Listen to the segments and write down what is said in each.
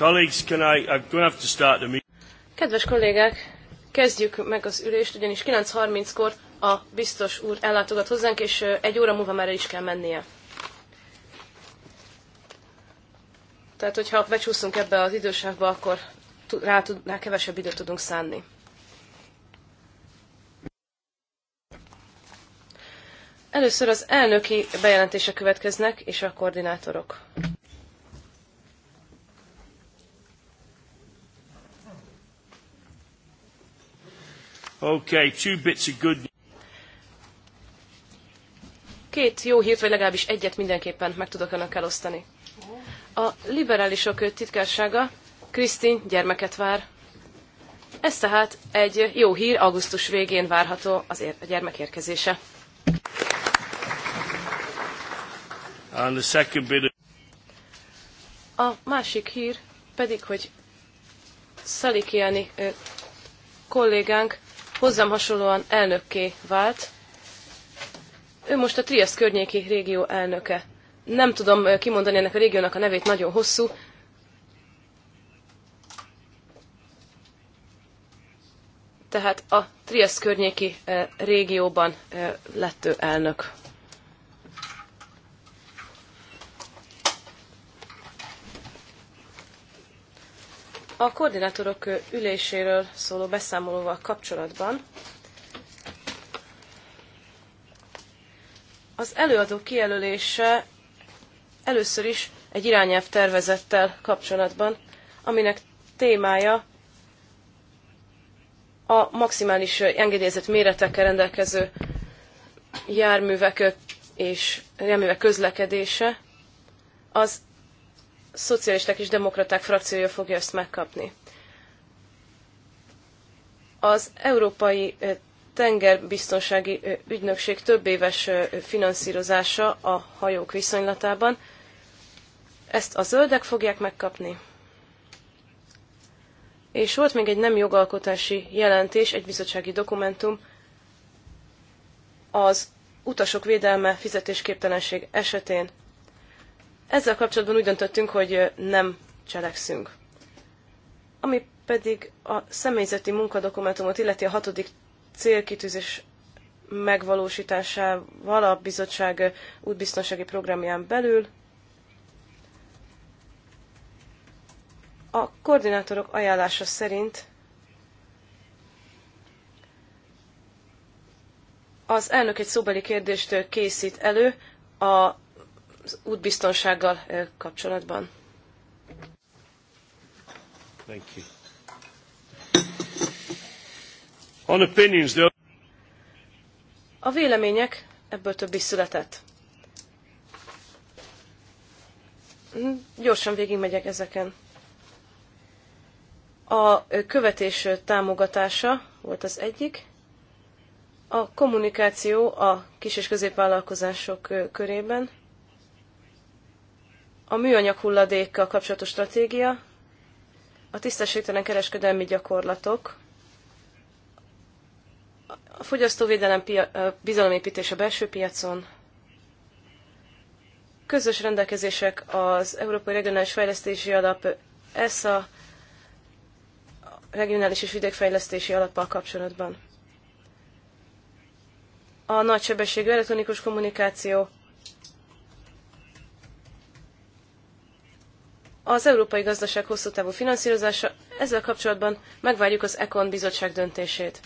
Colleagues, can I, I'm going to have to start the meeting. Kedves kollégák, kezdjük meg az ülést, ugyanis 9.30-kor a biztos úr ellátogat hozzánk, és egy óra múlva már el is kell mennie. Tehát, hogyha becsúszunk ebbe az idősávba, akkor rá, tud, rá kevesebb időt tudunk szánni. Először az elnöki bejelentések következnek, és a koordinátorok. Okay, two bits of good Két jó hírt, vagy legalábbis egyet mindenképpen meg tudok önökkel osztani. A liberálisok titkársága Krisztin gyermeket vár. Ez tehát egy jó hír, augusztus végén várható az ér- a gyermek érkezése. And the second bit of... A másik hír pedig, hogy Szalikiani kollégánk hozzám hasonlóan elnökké vált. Ő most a Triesz környéki régió elnöke. Nem tudom kimondani ennek a régiónak a nevét, nagyon hosszú. Tehát a Triesz környéki régióban lett ő elnök. A koordinátorok üléséről szóló beszámolóval kapcsolatban az előadó kijelölése először is egy irányelv tervezettel kapcsolatban, aminek témája a maximális engedélyezett méretekkel rendelkező járművek és járművek közlekedése, az szocialisták és demokraták frakciója fogja ezt megkapni. Az Európai Tengerbiztonsági Ügynökség több éves finanszírozása a hajók viszonylatában. Ezt a zöldek fogják megkapni. És volt még egy nem jogalkotási jelentés, egy bizottsági dokumentum, az utasok védelme fizetésképtelenség esetén ezzel kapcsolatban úgy döntöttünk, hogy nem cselekszünk. Ami pedig a személyzeti munkadokumentumot illeti a hatodik célkitűzés megvalósításával a bizottság útbiztonsági programján belül. A koordinátorok ajánlása szerint az elnök egy szóbeli kérdést készít elő a az útbiztonsággal kapcsolatban. Thank you. On opinions, A vélemények ebből több is született. Hm, gyorsan végigmegyek ezeken. A követés támogatása volt az egyik. A kommunikáció a kis- és középvállalkozások körében. A műanyag hulladékkal kapcsolatos stratégia, a tisztességtelen kereskedelmi gyakorlatok, a fogyasztóvédelem pia- bizalomépítés a belső piacon, közös rendelkezések az Európai Regionális Fejlesztési Alap, ESA, regionális és vidékfejlesztési alappal kapcsolatban. A nagysebességű elektronikus kommunikáció, Az európai gazdaság hosszú távú finanszírozása, ezzel kapcsolatban megvárjuk az ECON bizottság döntését.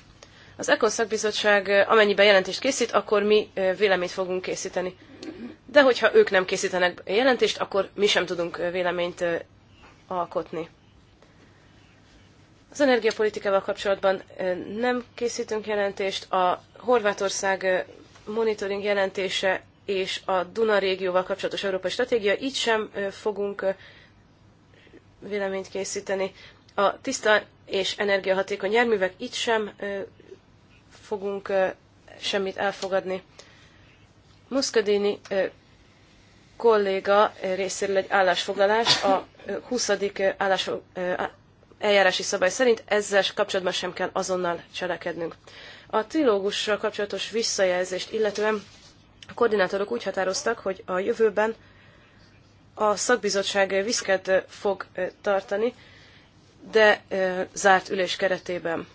Az ECON szakbizottság eh, amennyiben jelentést készít, akkor mi eh, véleményt fogunk készíteni. De hogyha ők nem készítenek jelentést, akkor mi sem tudunk eh, véleményt alkotni. Az energiapolitikával kapcsolatban nem készítünk jelentést. A Horvátország monitoring jelentése és a Duna régióval kapcsolatos európai stratégia, így sem fogunk véleményt készíteni. A tiszta és energiahatékony járművek itt sem fogunk semmit elfogadni. Muscadini kolléga részéről egy állásfoglalás, a 20. Állás, eljárási szabály szerint ezzel kapcsolatban sem kell azonnal cselekednünk. A trilógussal kapcsolatos visszajelzést illetően a koordinátorok úgy határoztak, hogy a jövőben a szakbizottság viszket fog tartani, de zárt ülés keretében.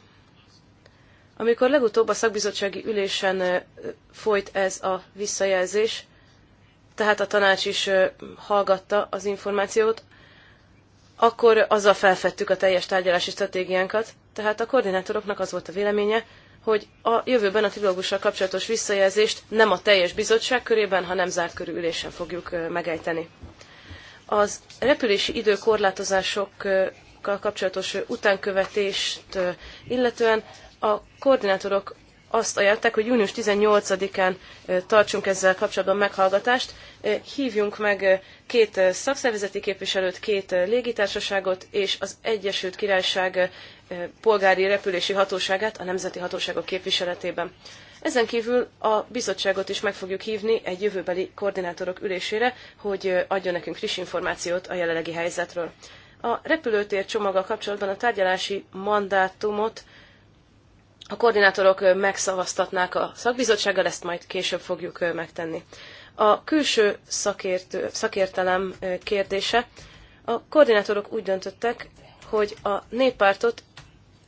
Amikor legutóbb a szakbizottsági ülésen folyt ez a visszajelzés, tehát a tanács is hallgatta az információt, akkor azzal felfedtük a teljes tárgyalási stratégiánkat, tehát a koordinátoroknak az volt a véleménye, hogy a jövőben a trilógussal kapcsolatos visszajelzést nem a teljes bizottság körében, hanem zárt körű ülésen fogjuk megejteni. Az repülési időkorlátozásokkal kapcsolatos utánkövetést illetően a koordinátorok azt ajánlották, hogy június 18-án tartsunk ezzel kapcsolatban meghallgatást. Hívjunk meg két szakszervezeti képviselőt, két légitársaságot és az Egyesült Királyság polgári repülési hatóságát a nemzeti hatóságok képviseletében. Ezen kívül a bizottságot is meg fogjuk hívni egy jövőbeli koordinátorok ülésére, hogy adjon nekünk friss információt a jelenlegi helyzetről. A repülőtér csomaga kapcsolatban a tárgyalási mandátumot a koordinátorok megszavaztatnák a szakbizottsággal, ezt majd később fogjuk megtenni. A külső szakért, szakértelem kérdése. A koordinátorok úgy döntöttek, hogy a néppártot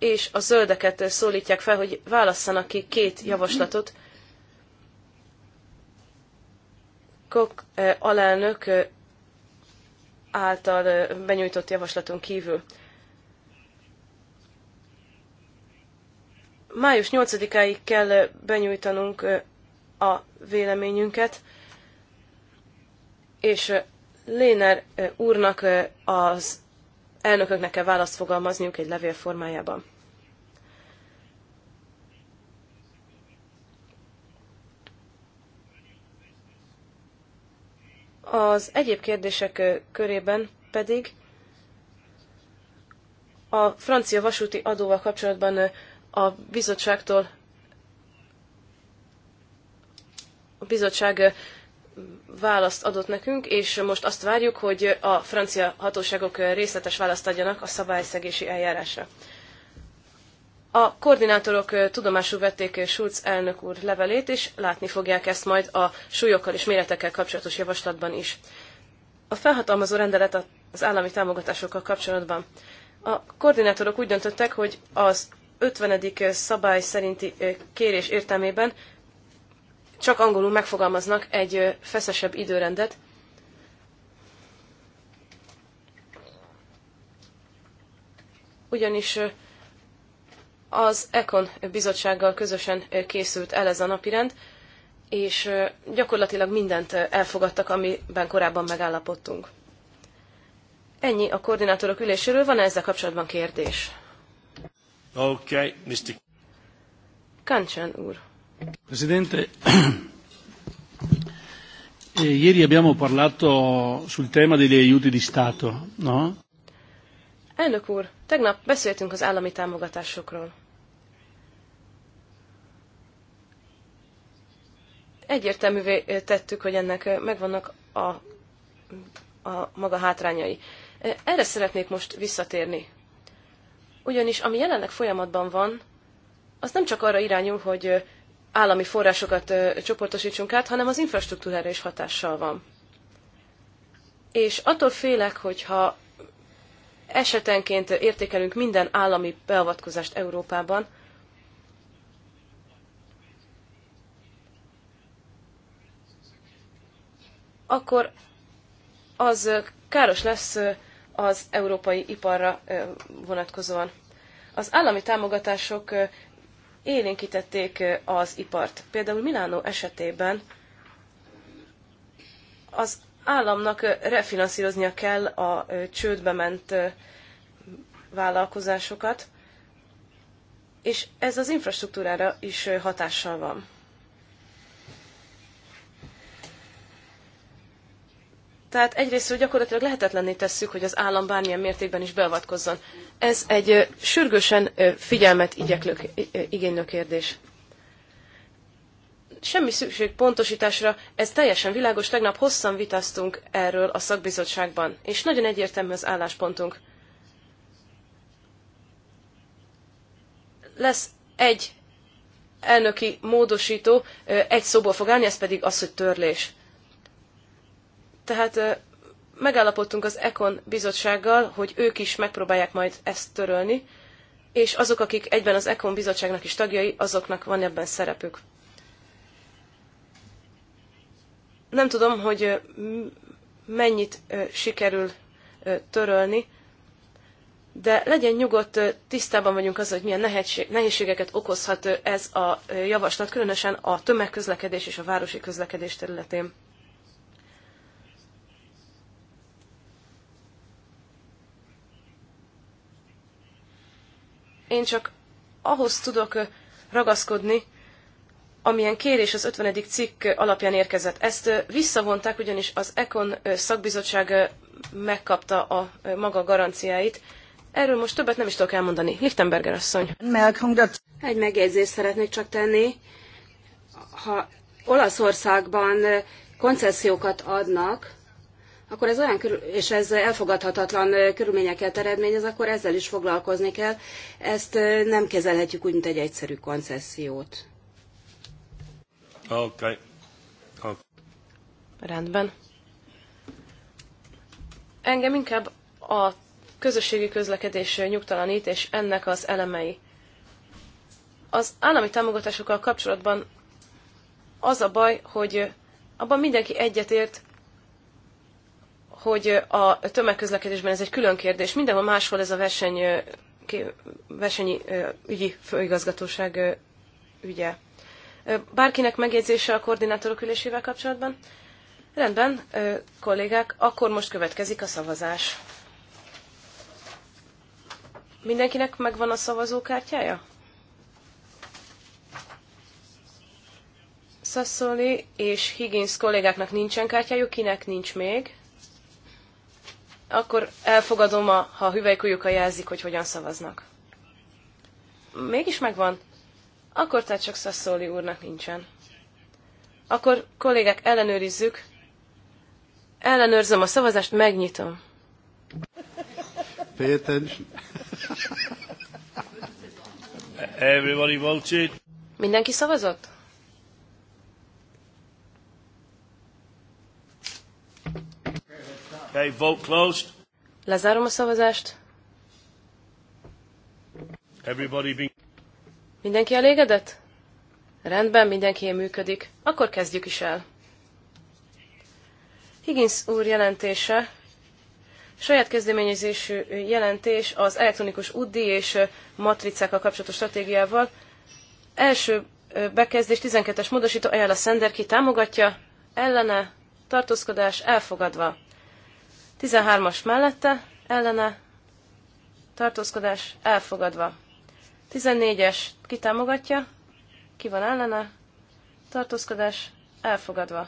és a zöldeket szólítják fel, hogy válasszanak ki két javaslatot. Kok eh, alelnök eh, által eh, benyújtott javaslaton kívül. Május 8-áig kell benyújtanunk a véleményünket, és Léner úrnak az elnököknek kell választ fogalmazniuk egy levél formájában. Az egyéb kérdések körében pedig a francia vasúti adóval kapcsolatban a bizottságtól a bizottság választ adott nekünk, és most azt várjuk, hogy a francia hatóságok részletes választ adjanak a szabályszegési eljárásra. A koordinátorok tudomásul vették Schulz elnök úr levelét, és látni fogják ezt majd a súlyokkal és méretekkel kapcsolatos javaslatban is. A felhatalmazó rendelet az állami támogatásokkal kapcsolatban. A koordinátorok úgy döntöttek, hogy az 50. szabály szerinti kérés értelmében csak angolul megfogalmaznak egy feszesebb időrendet. Ugyanis az Econ bizottsággal közösen készült el ez a napirend, és gyakorlatilag mindent elfogadtak, amiben korábban megállapodtunk. Ennyi a koordinátorok üléséről. Van-e ezzel kapcsolatban kérdés? Oké, okay, Mr. Kancsen úr. Presidente, eh, ieri abbiamo parlato sul tema degli aiuti di Stato, no? Elnök úr, tegnap beszéltünk az állami támogatásokról. Egyértelművé eh, tettük, hogy ennek eh, megvannak a, a maga hátrányai. Erre szeretnék most visszatérni. Ugyanis ami jelenleg folyamatban van, az nem csak arra irányul, hogy állami forrásokat csoportosítsunk át, hanem az infrastruktúrára is hatással van. És attól félek, hogyha esetenként értékelünk minden állami beavatkozást Európában, akkor az káros lesz az európai iparra vonatkozóan. Az állami támogatások élénkítették az ipart. Például Milánó esetében az államnak refinanszíroznia kell a csődbe ment vállalkozásokat, és ez az infrastruktúrára is hatással van. Tehát egyrészt gyakorlatilag lehetetlenné tesszük, hogy az állam bármilyen mértékben is beavatkozzon. Ez egy sürgősen figyelmet igyeklő, igénylő kérdés. Semmi szükség pontosításra, ez teljesen világos, tegnap hosszan vitáztunk erről a szakbizottságban, és nagyon egyértelmű az álláspontunk. Lesz egy elnöki módosító, egy szóból fog állni, ez pedig az, hogy törlés tehát megállapodtunk az Econ bizottsággal, hogy ők is megpróbálják majd ezt törölni, és azok, akik egyben az Econ bizottságnak is tagjai, azoknak van ebben szerepük. Nem tudom, hogy mennyit sikerül törölni, de legyen nyugodt, tisztában vagyunk az, hogy milyen nehézségeket okozhat ez a javaslat, különösen a tömegközlekedés és a városi közlekedés területén. Én csak ahhoz tudok ragaszkodni, amilyen kérés az 50. cikk alapján érkezett. Ezt visszavonták, ugyanis az Econ szakbizottság megkapta a maga garanciáit. Erről most többet nem is tudok elmondani. Lichtenberger asszony. Egy megjegyzést szeretnék csak tenni. Ha Olaszországban koncesziókat adnak, akkor ez olyan és ez elfogadhatatlan körülményeket eredményez, akkor ezzel is foglalkozni kell. Ezt nem kezelhetjük úgy, mint egy egyszerű koncessziót. Oké. Okay. Okay. Rendben. Engem inkább a közösségi közlekedés nyugtalanít, és ennek az elemei. Az állami támogatásokkal kapcsolatban az a baj, hogy abban mindenki egyetért, hogy a tömegközlekedésben ez egy külön kérdés. Mindenhol máshol ez a verseny, versenyi ügyi főigazgatóság ügye. Bárkinek megjegyzése a koordinátorok ülésével kapcsolatban? Rendben, kollégák, akkor most következik a szavazás. Mindenkinek megvan a szavazókártyája? Sassoli és Higgins kollégáknak nincsen kártyájuk, kinek nincs még? akkor elfogadom, a, ha a hüvelykujjukkal jelzik, hogy hogyan szavaznak. Mégis megvan? Akkor tehát csak Szaszóli úrnak nincsen. Akkor, kollégák, ellenőrizzük. Ellenőrzöm a szavazást, megnyitom. Pay attention. Everybody voted. Mindenki szavazott? Okay, vote closed. Lezárom a szavazást. Everybody be. Mindenki elégedett? Rendben, mindenki működik. Akkor kezdjük is el. Higgins úr jelentése, saját kezdeményezésű jelentés az elektronikus UDI és matricákkal kapcsolatos stratégiával. Első bekezdés 12-es módosító ajánl a Szender, ki támogatja, ellene, tartózkodás elfogadva. 13-as mellette, ellene, tartózkodás elfogadva. 14-es kitámogatja, ki van ellene, tartózkodás elfogadva.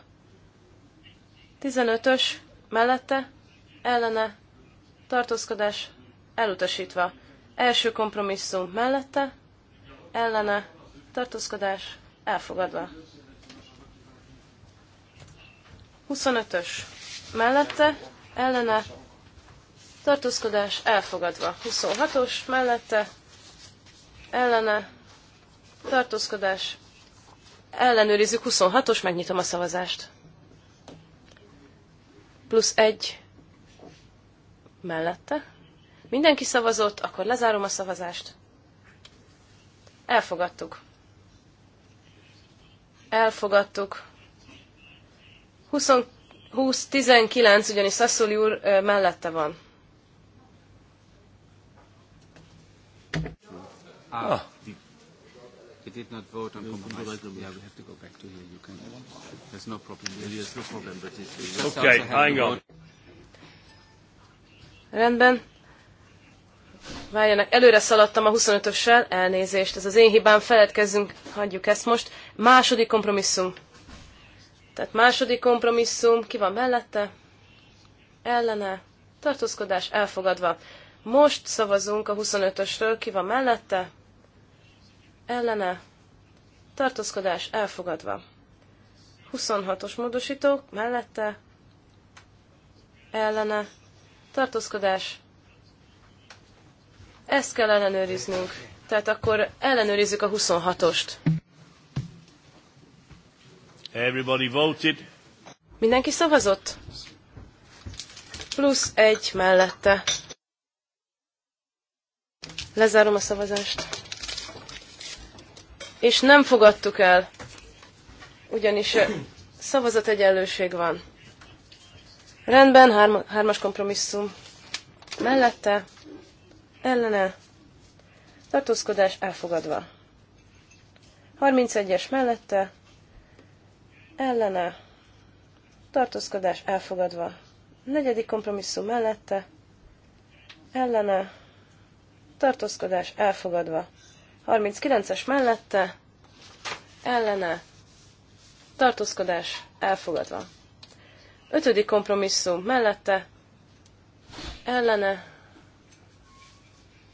15-ös mellette, ellene, tartózkodás elutasítva. Első kompromisszum mellette, ellene, tartózkodás elfogadva. 25-ös mellette, ellene, tartózkodás elfogadva. 26-os mellette, ellene, tartózkodás, ellenőrizzük 26-os, megnyitom a szavazást. Plusz egy mellette. Mindenki szavazott, akkor lezárom a szavazást. Elfogadtuk. Elfogadtuk. 29 2019, 19 ugyanis Szaszoli úr mellette van. Ah. We did not vote on compromise. Yeah, we have to go back to here. You can. There's no problem. There's no problem, but it's. Okay, hang on. Rendben. Várjanak, előre szaladtam a 25-össel, elnézést, ez az én hibám, feledkezzünk, hagyjuk ezt most. Második kompromisszum. Tehát második kompromisszum, ki van mellette? Ellene, tartózkodás elfogadva. Most szavazunk a 25-ösről, ki van mellette? Ellene, tartózkodás elfogadva. 26-os módosító, mellette, ellene, tartózkodás. Ezt kell ellenőriznünk. Tehát akkor ellenőrizzük a 26-ost. Everybody voted. Mindenki szavazott? Plusz egy mellette. Lezárom a szavazást. És nem fogadtuk el, ugyanis szavazategyenlőség van. Rendben, hárma, hármas kompromisszum. Mellette, ellene, tartózkodás elfogadva. 31-es mellette, ellene, tartózkodás elfogadva. Negyedik kompromisszum mellette, ellene, tartózkodás elfogadva. 39-es mellette, ellene, tartózkodás elfogadva. Ötödik kompromisszum mellette, ellene,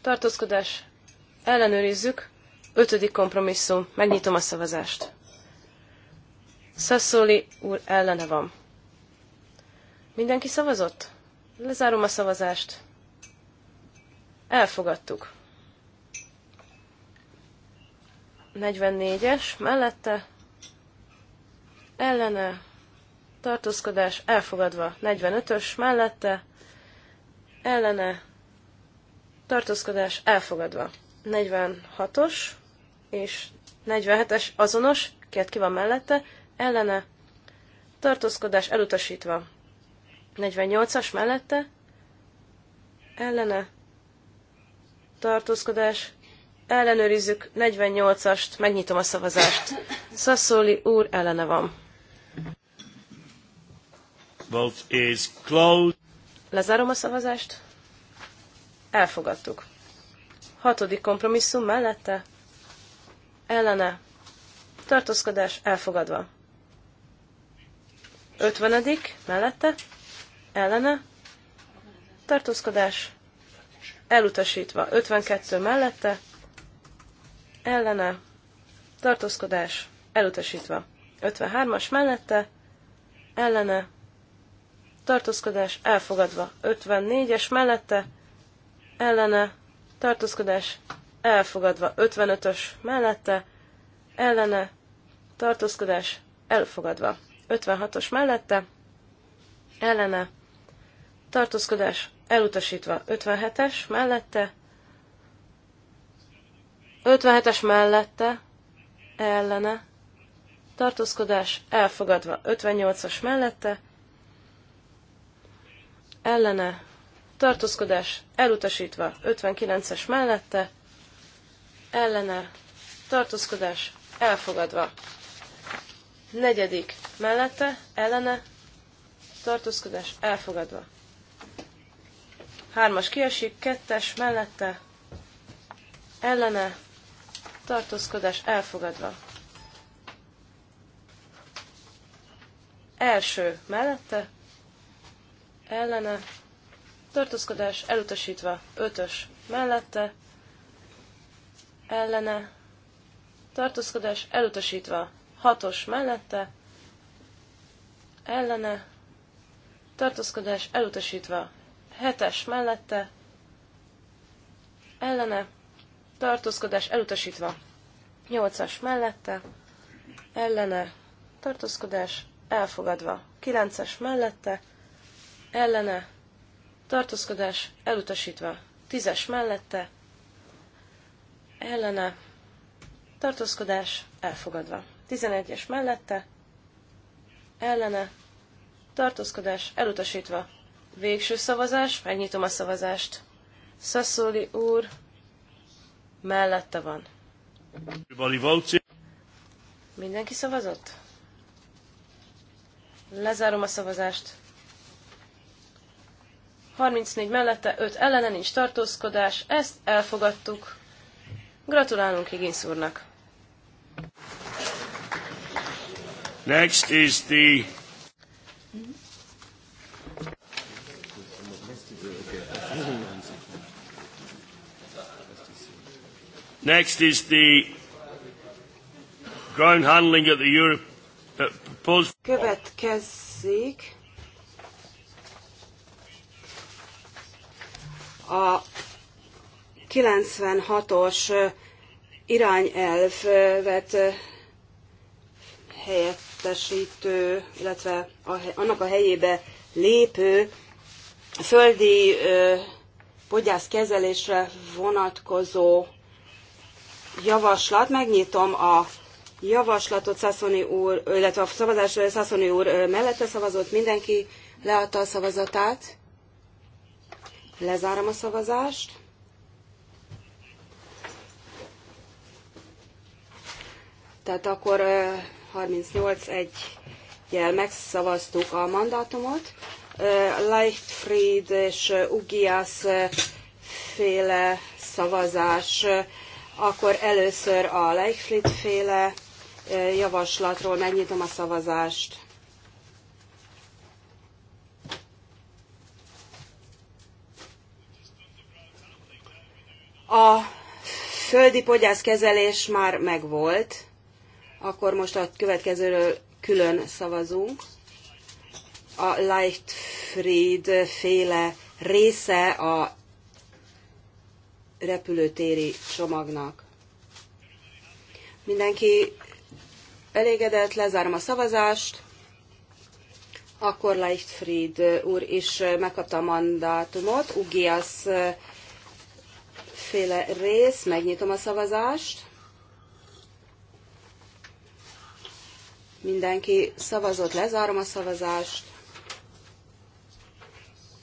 tartózkodás ellenőrizzük, ötödik kompromisszum, megnyitom a szavazást. Szaszoli úr ellene van. Mindenki szavazott? Lezárom a szavazást. Elfogadtuk. 44-es, mellette, ellene, tartózkodás, elfogadva, 45-ös, mellette, ellene, tartózkodás, elfogadva, 46-os és 47-es azonos, két ki van mellette, ellene, tartózkodás elutasítva. 48-as mellette, ellene, tartózkodás, ellenőrizzük 48-ast, megnyitom a szavazást. Szaszóli úr ellene van. Vote is closed. Lezárom a szavazást. Elfogadtuk. Hatodik kompromisszum mellette. Ellene. Tartózkodás elfogadva. 50. mellette, ellene, tartózkodás, elutasítva. 52 mellette, ellene, tartózkodás, elutasítva. 53-as mellette, ellene, tartózkodás, elfogadva. 54-es mellette, ellene, tartózkodás, elfogadva. 55-ös mellette, ellene, tartózkodás, elfogadva. 56-os mellette, ellene, tartózkodás elutasítva 57-es mellette, 57-es mellette, ellene, tartózkodás elfogadva 58-as mellette, ellene, tartózkodás elutasítva 59-es mellette, ellene, tartózkodás elfogadva negyedik mellette, ellene, tartózkodás elfogadva. Hármas kiesik, kettes mellette, ellene, tartózkodás elfogadva. Első mellette, ellene, tartózkodás elutasítva, ötös mellette, ellene, tartózkodás elutasítva, Hatos mellette, ellene, tartózkodás elutasítva. Hetes mellette, ellene, tartózkodás elutasítva. Nyolcas mellette, ellene, tartózkodás elfogadva. Kilences mellette, ellene, tartózkodás elutasítva. Tízes mellette, ellene, tartózkodás elfogadva. 11-es mellette, ellene, tartózkodás elutasítva. Végső szavazás, megnyitom a szavazást. Szaszóli úr mellette van. Mindenki szavazott? Lezárom a szavazást. 34 mellette, 5 ellene nincs tartózkodás, ezt elfogadtuk. Gratulálunk Higgins úrnak! Next is the Next is the ground handling at the Europe uh, proposed. Következzék a 96-os irányelvet helyett helyettesítő, illetve a, annak a helyébe lépő földi podgyászkezelésre vonatkozó javaslat. Megnyitom a javaslatot Szaszoni úr, illetve a szavazás Szaszoni úr mellette szavazott, mindenki leadta a szavazatát. Lezárom a szavazást. Tehát akkor 38 egy jel megszavaztuk a mandátumot. Leichtfried és Ugias féle szavazás, akkor először a Leichtfried féle javaslatról megnyitom a szavazást. A földi kezelés már megvolt. Akkor most a következőről külön szavazunk. A Lightfried féle része a repülőtéri csomagnak. Mindenki elégedett, lezárom a szavazást. Akkor Leichtfried úr is megkapta a mandátumot. Ugias féle rész, megnyitom a szavazást. Mindenki szavazott, lezárom a szavazást.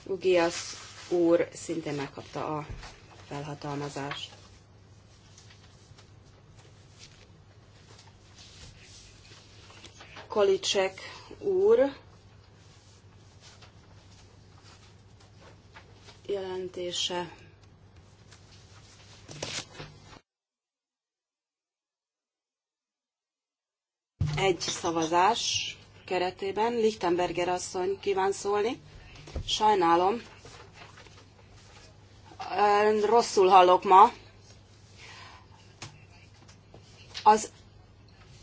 Ugias úr szintén megkapta a felhatalmazást. Kolicsek úr jelentése egy szavazás keretében. Lichtenberger asszony kíván szólni. Sajnálom, rosszul hallok ma. Az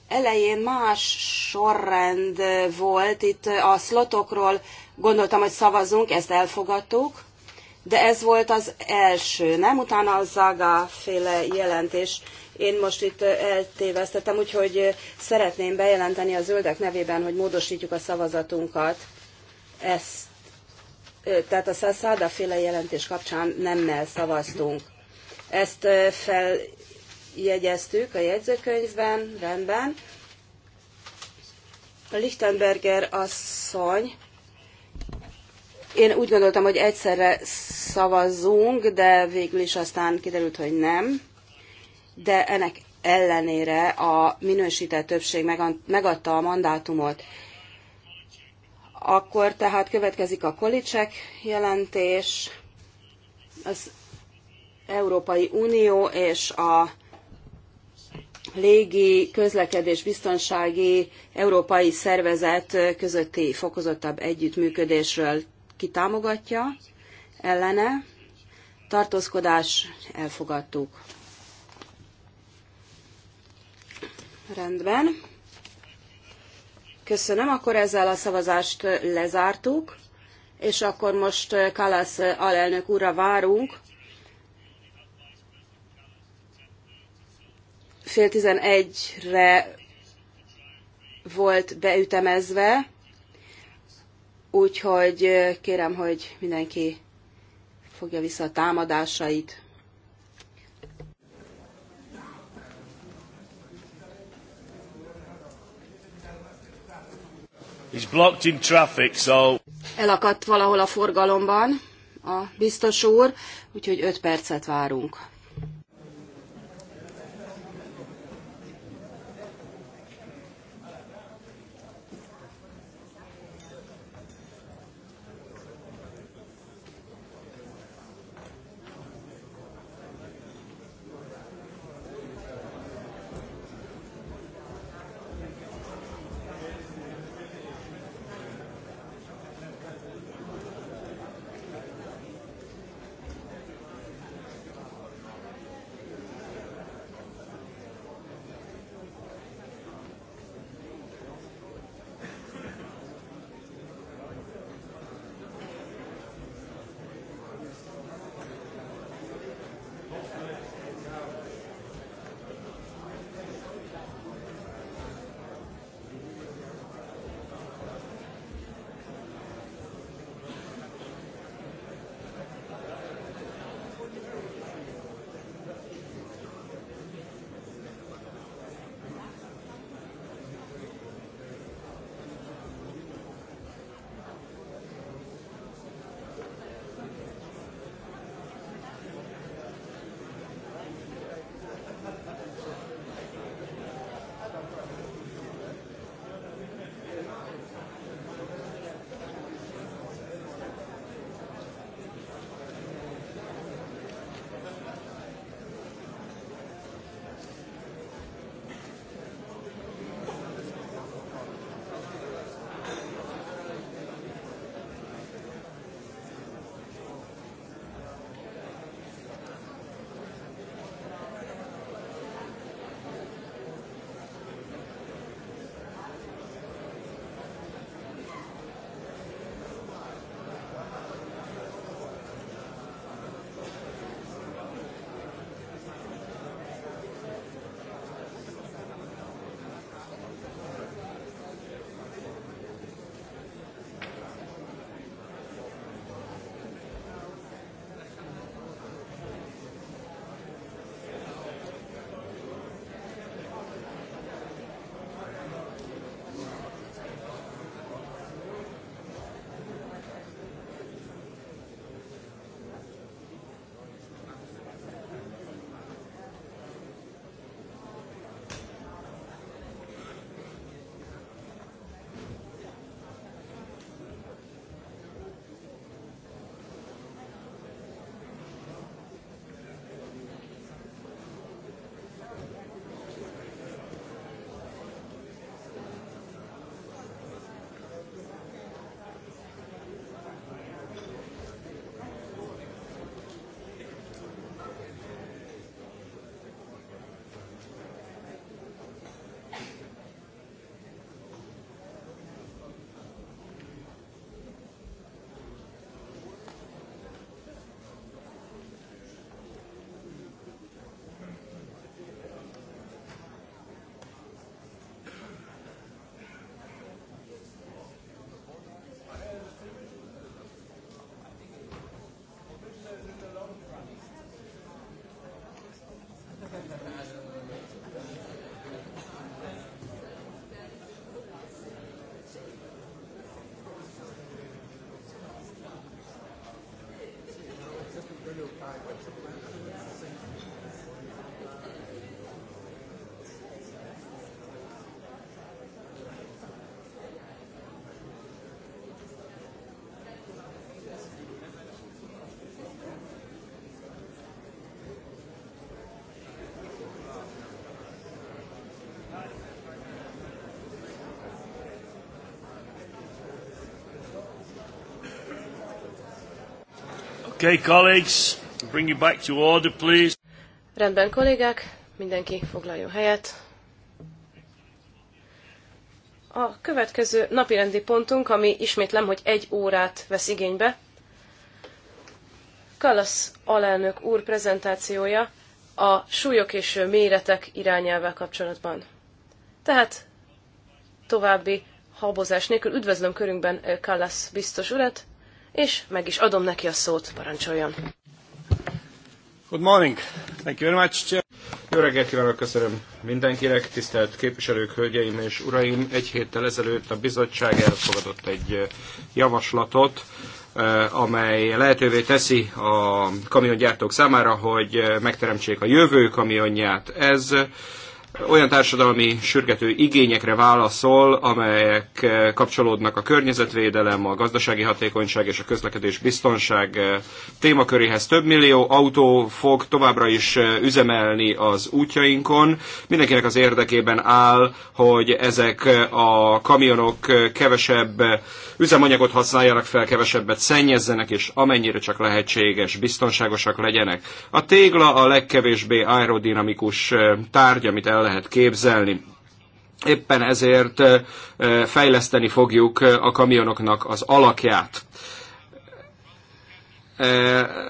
elején más sorrend volt, itt a szlotokról gondoltam, hogy szavazunk, ezt elfogadtuk, de ez volt az első, nem? Utána a Zaga féle jelentés én most itt eltévesztettem, úgyhogy szeretném bejelenteni a zöldek nevében, hogy módosítjuk a szavazatunkat. Ezt, tehát a Száda féle jelentés kapcsán nemmel szavaztunk. Ezt feljegyeztük a jegyzőkönyvben, rendben. A Lichtenberger asszony, én úgy gondoltam, hogy egyszerre szavazzunk, de végül is aztán kiderült, hogy nem de ennek ellenére a minősített többség megadta a mandátumot. Akkor tehát következik a Kolicsek jelentés, az Európai Unió és a légi közlekedés biztonsági európai szervezet közötti fokozottabb együttműködésről kitámogatja, ellene tartózkodás elfogadtuk. Rendben. Köszönöm, akkor ezzel a szavazást lezártuk, és akkor most eh, Kalasz eh, alelnök úrra várunk. Fél tizenegyre volt beütemezve, úgyhogy eh, kérem, hogy mindenki fogja vissza a támadásait. He's blocked in traffic, so... Elakadt valahol a forgalomban a biztos úr, úgyhogy 5 percet várunk. Okay, colleagues bring you back to order, please. Rendben, kollégák, mindenki foglaljon helyet. A következő napirendi pontunk, ami ismétlem, hogy egy órát vesz igénybe, Kallasz alelnök úr prezentációja a súlyok és méretek irányelvvel kapcsolatban. Tehát további habozás nélkül üdvözlöm körünkben Kallas biztos urat, és meg is adom neki a szót, parancsoljon. Good morning. Thank you very much. Jó reggelt kívánok, köszönöm mindenkinek, tisztelt képviselők, hölgyeim és uraim. Egy héttel ezelőtt a bizottság elfogadott egy eh, javaslatot, eh, amely lehetővé teszi a kamiongyártók számára, hogy eh, megteremtsék a jövő kamionját. Ez olyan társadalmi sürgető igényekre válaszol, amelyek eh, kapcsolódnak a környezetvédelem, a gazdasági hatékonyság és a közlekedés biztonság eh, témaköréhez. Több millió autó fog továbbra is eh, üzemelni az útjainkon. Mindenkinek az érdekében áll, hogy ezek a kamionok kevesebb üzemanyagot használjanak fel, kevesebbet szennyezzenek, és amennyire csak lehetséges, biztonságosak legyenek. A tégla a legkevésbé aerodinamikus tárgy, amit el lehet képzelni. Éppen ezért eh, fejleszteni fogjuk eh, a kamionoknak az alakját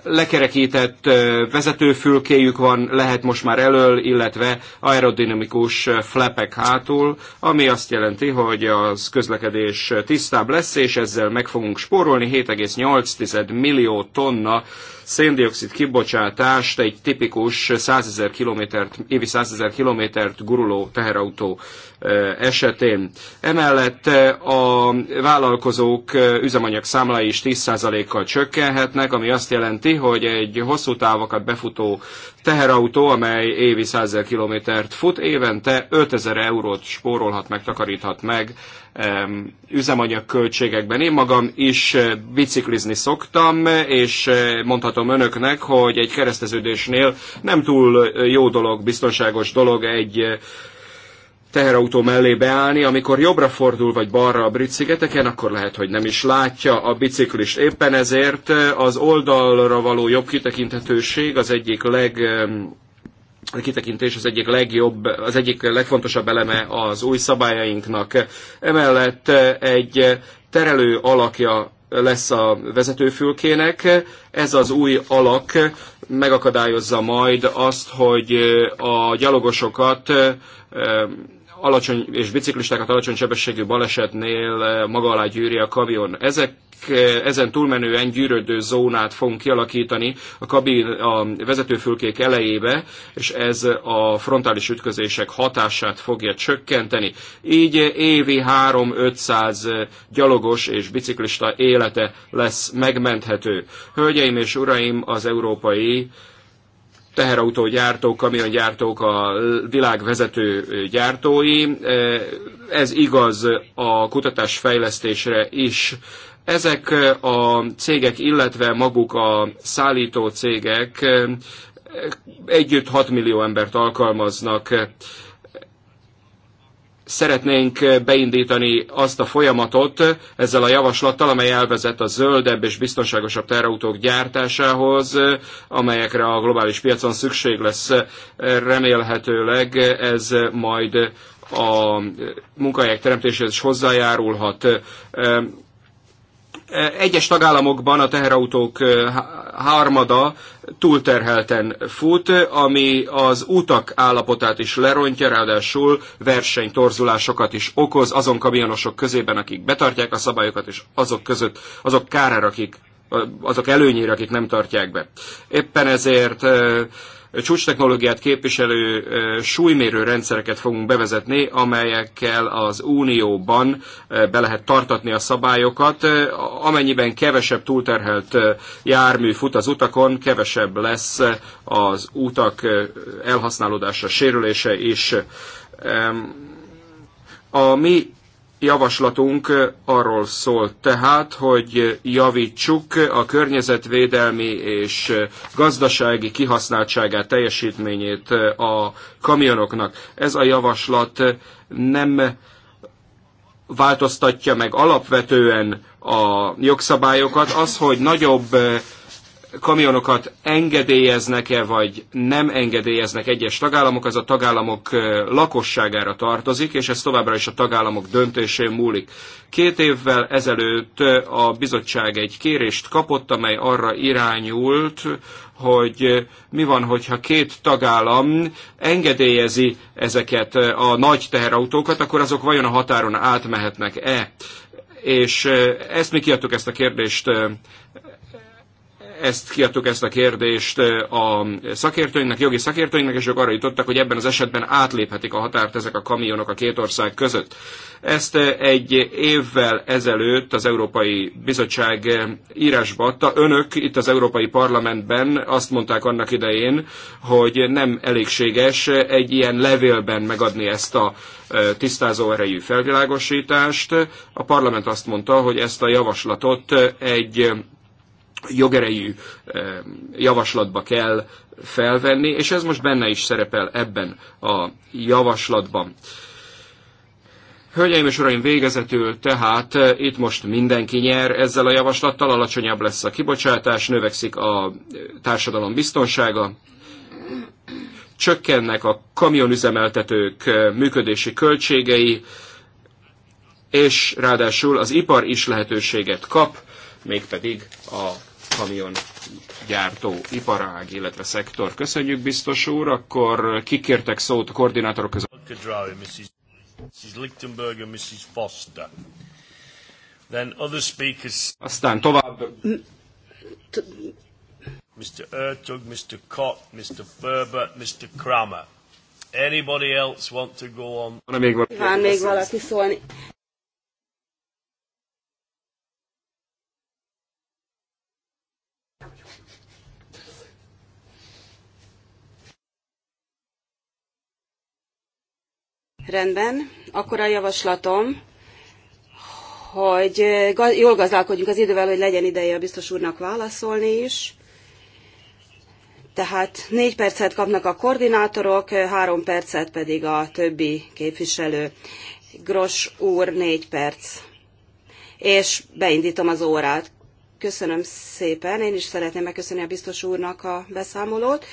lekerekített vezetőfülkéjük van, lehet most már elől, illetve aerodinamikus flepek hátul, ami azt jelenti, hogy az közlekedés tisztább lesz, és ezzel meg fogunk spórolni 7,8 millió tonna széndiokszid kibocsátást egy tipikus 100 000 kilométert, évi 100 ezer kilométert guruló teherautó esetén. Emellett a vállalkozók üzemanyag számlái is 10%-kal csökkenhetnek, ami azt jelenti, hogy egy hosszú távokat befutó teherautó, amely évi 100 kilométert fut, évente 5000 eurót spórolhat meg, takaríthat meg üzemanyag költségekben. Én magam is biciklizni szoktam, és mondhatom önöknek, hogy egy kereszteződésnél nem túl jó dolog, biztonságos dolog egy teherautó mellé beállni, amikor jobbra fordul vagy balra a brit szigeteken, akkor lehet, hogy nem is látja a biciklist. Éppen ezért eh, az oldalra való jobb kitekintetőség az egyik leg a eh, kitekintés az egyik legjobb, az egyik legfontosabb eleme az új szabályainknak. Emellett eh, egy terelő alakja lesz a vezetőfülkének. Ez az új alak megakadályozza majd azt, hogy a gyalogosokat alacsony és biciklistákat alacsony sebességű balesetnél eh, maga alá gyűri a kamion. Ezek eh, ezen túlmenően gyűrödő zónát fogunk kialakítani a, kabin, a vezetőfülkék elejébe, és ez a frontális ütközések hatását fogja csökkenteni. Így évi 3-500 gyalogos és biciklista élete lesz megmenthető. Hölgyeim és uraim, az európai teherautógyártók, kamiongyártók a világ vezető gyártói. Ez igaz a kutatásfejlesztésre is. Ezek a cégek, illetve maguk a szállító cégek együtt 6 millió embert alkalmaznak szeretnénk eh, beindítani azt a folyamatot eh, ezzel a javaslattal, amely elvezet a zöldebb és biztonságosabb terautók gyártásához, eh, amelyekre a globális piacon szükség lesz. Remélhetőleg ez majd a munkahelyek teremtéséhez is hozzájárulhat. Egyes tagállamokban a teherautók harmada túlterhelten fut, ami az utak állapotát is lerontja, ráadásul versenytorzulásokat is okoz azon kamionosok közében, akik betartják a szabályokat, és azok között, azok kárára, akik azok előnyére, akik nem tartják be. Éppen ezért csúcstechnológiát képviselő súlymérő rendszereket fogunk bevezetni, amelyekkel az Unióban be lehet tartatni a szabályokat. Amennyiben kevesebb túlterhelt jármű fut az utakon, kevesebb lesz az utak elhasználódása, sérülése is. A mi javaslatunk arról szól tehát, hogy javítsuk a környezetvédelmi és gazdasági kihasználtságát, teljesítményét a kamionoknak. Ez a javaslat nem változtatja meg alapvetően a jogszabályokat. Az, hogy nagyobb kamionokat engedélyeznek-e vagy nem engedélyeznek egyes tagállamok, az a tagállamok lakosságára tartozik, és ez továbbra is a tagállamok döntésén múlik. Két évvel ezelőtt a bizottság egy kérést kapott, amely arra irányult, hogy mi van, hogyha két tagállam engedélyezi ezeket a nagy teherautókat, akkor azok vajon a határon átmehetnek-e? És ezt mi kiadtuk ezt a kérdést ezt kiadtuk ezt a kérdést a szakértőinknek, jogi szakértőinknek, és ők arra jutottak, hogy ebben az esetben átléphetik a határt ezek a kamionok a két ország között. Ezt egy évvel ezelőtt az Európai Bizottság írásba adta. Önök itt az Európai Parlamentben azt mondták annak idején, hogy nem elégséges egy ilyen levélben megadni ezt a tisztázó erejű felvilágosítást. A parlament azt mondta, hogy ezt a javaslatot egy jogerejű javaslatba kell felvenni, és ez most benne is szerepel ebben a javaslatban. Hölgyeim és uraim, végezetül tehát itt most mindenki nyer ezzel a javaslattal, alacsonyabb lesz a kibocsátás, növekszik a társadalom biztonsága, csökkennek a kamionüzemeltetők működési költségei, és ráadásul az ipar is lehetőséget kap, mégpedig a kamion gyártó iparág, illetve szektor. Köszönjük, biztos úr, akkor kikértek szót a koordinátorok között. Mrs. Lichtenberger, Mrs. Foster. Then other speakers. Aztán tovább. Mr. Ertug, Mr. Cott, Mr. Ferber, Mr. Kramer. Anybody else want to go on? Van még valaki, Van még valaki szólni. Rendben, akkor a javaslatom, hogy eh, jól gazdálkodjunk az idővel, hogy legyen ideje a biztos úrnak válaszolni is. Tehát négy percet kapnak a koordinátorok, eh, három percet pedig a többi képviselő. Gros úr, négy perc. És beindítom az órát. Köszönöm szépen, én is szeretném megköszönni a biztos úrnak a beszámolót.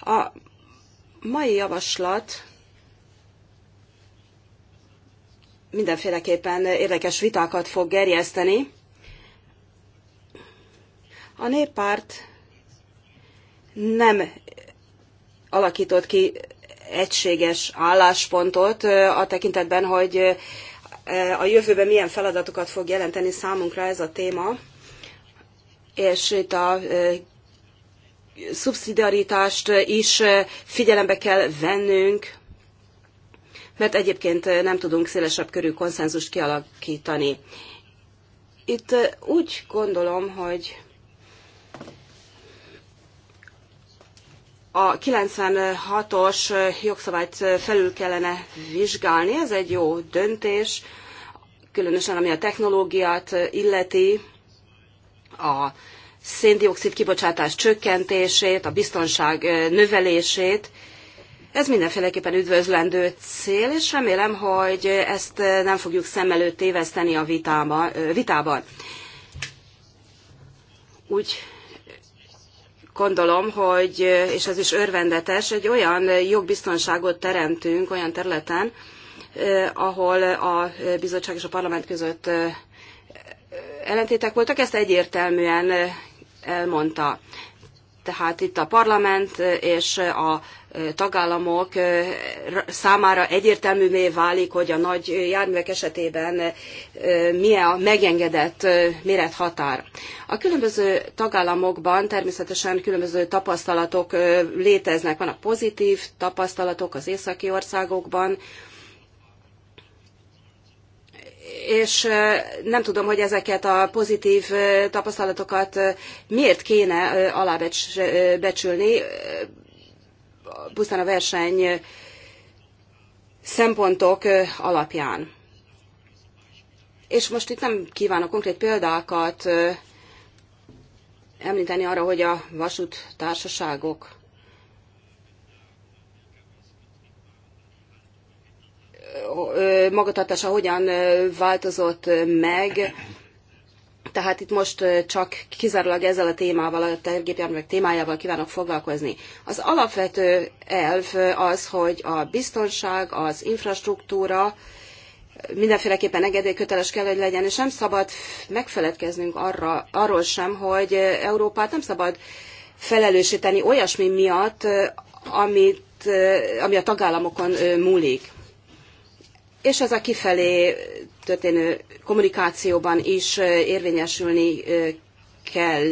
A mai javaslat mindenféleképpen érdekes vitákat fog gerjeszteni. A néppárt nem alakított ki egységes álláspontot a tekintetben, hogy a jövőben milyen feladatokat fog jelenteni számunkra ez a téma, és itt a szubszidiaritást is figyelembe kell vennünk, mert egyébként eh, nem tudunk szélesebb körű konszenzust kialakítani. Itt eh, úgy gondolom, hogy a 96-os eh, jogszabályt felül kellene vizsgálni, ez egy jó döntés, különösen ami a technológiát illeti, a széndiokszid kibocsátás csökkentését, a biztonság növelését, ez mindenféleképpen üdvözlendő cél, és remélem, hogy ezt nem fogjuk szem előtt téveszteni a vitában. vitában. Úgy gondolom, hogy, és ez is örvendetes, egy olyan jogbiztonságot teremtünk olyan területen, ahol a bizottság és a parlament között ellentétek voltak, ezt egyértelműen elmondta. Tehát itt a parlament és a tagállamok számára egyértelművé válik, hogy a nagy járművek esetében milyen a megengedett mérethatár. A különböző tagállamokban természetesen különböző tapasztalatok léteznek. Vannak pozitív tapasztalatok az északi országokban, és nem tudom, hogy ezeket a pozitív tapasztalatokat miért kéne alábecsülni pusztán a verseny szempontok alapján. És most itt nem kívánok konkrét példákat említeni arra, hogy a vasút társaságok magatartása hogyan változott meg tehát itt most csak kizárólag ezzel a témával, a gépjárművek témájával kívánok foglalkozni. Az alapvető elv az, hogy a biztonság, az infrastruktúra mindenféleképpen engedélyköteles kell, hogy legyen, és nem szabad megfeledkeznünk arra, arról sem, hogy Európát nem szabad felelősíteni olyasmi miatt, amit, ami a tagállamokon múlik. És ez a kifelé történő kommunikációban is érvényesülni kell.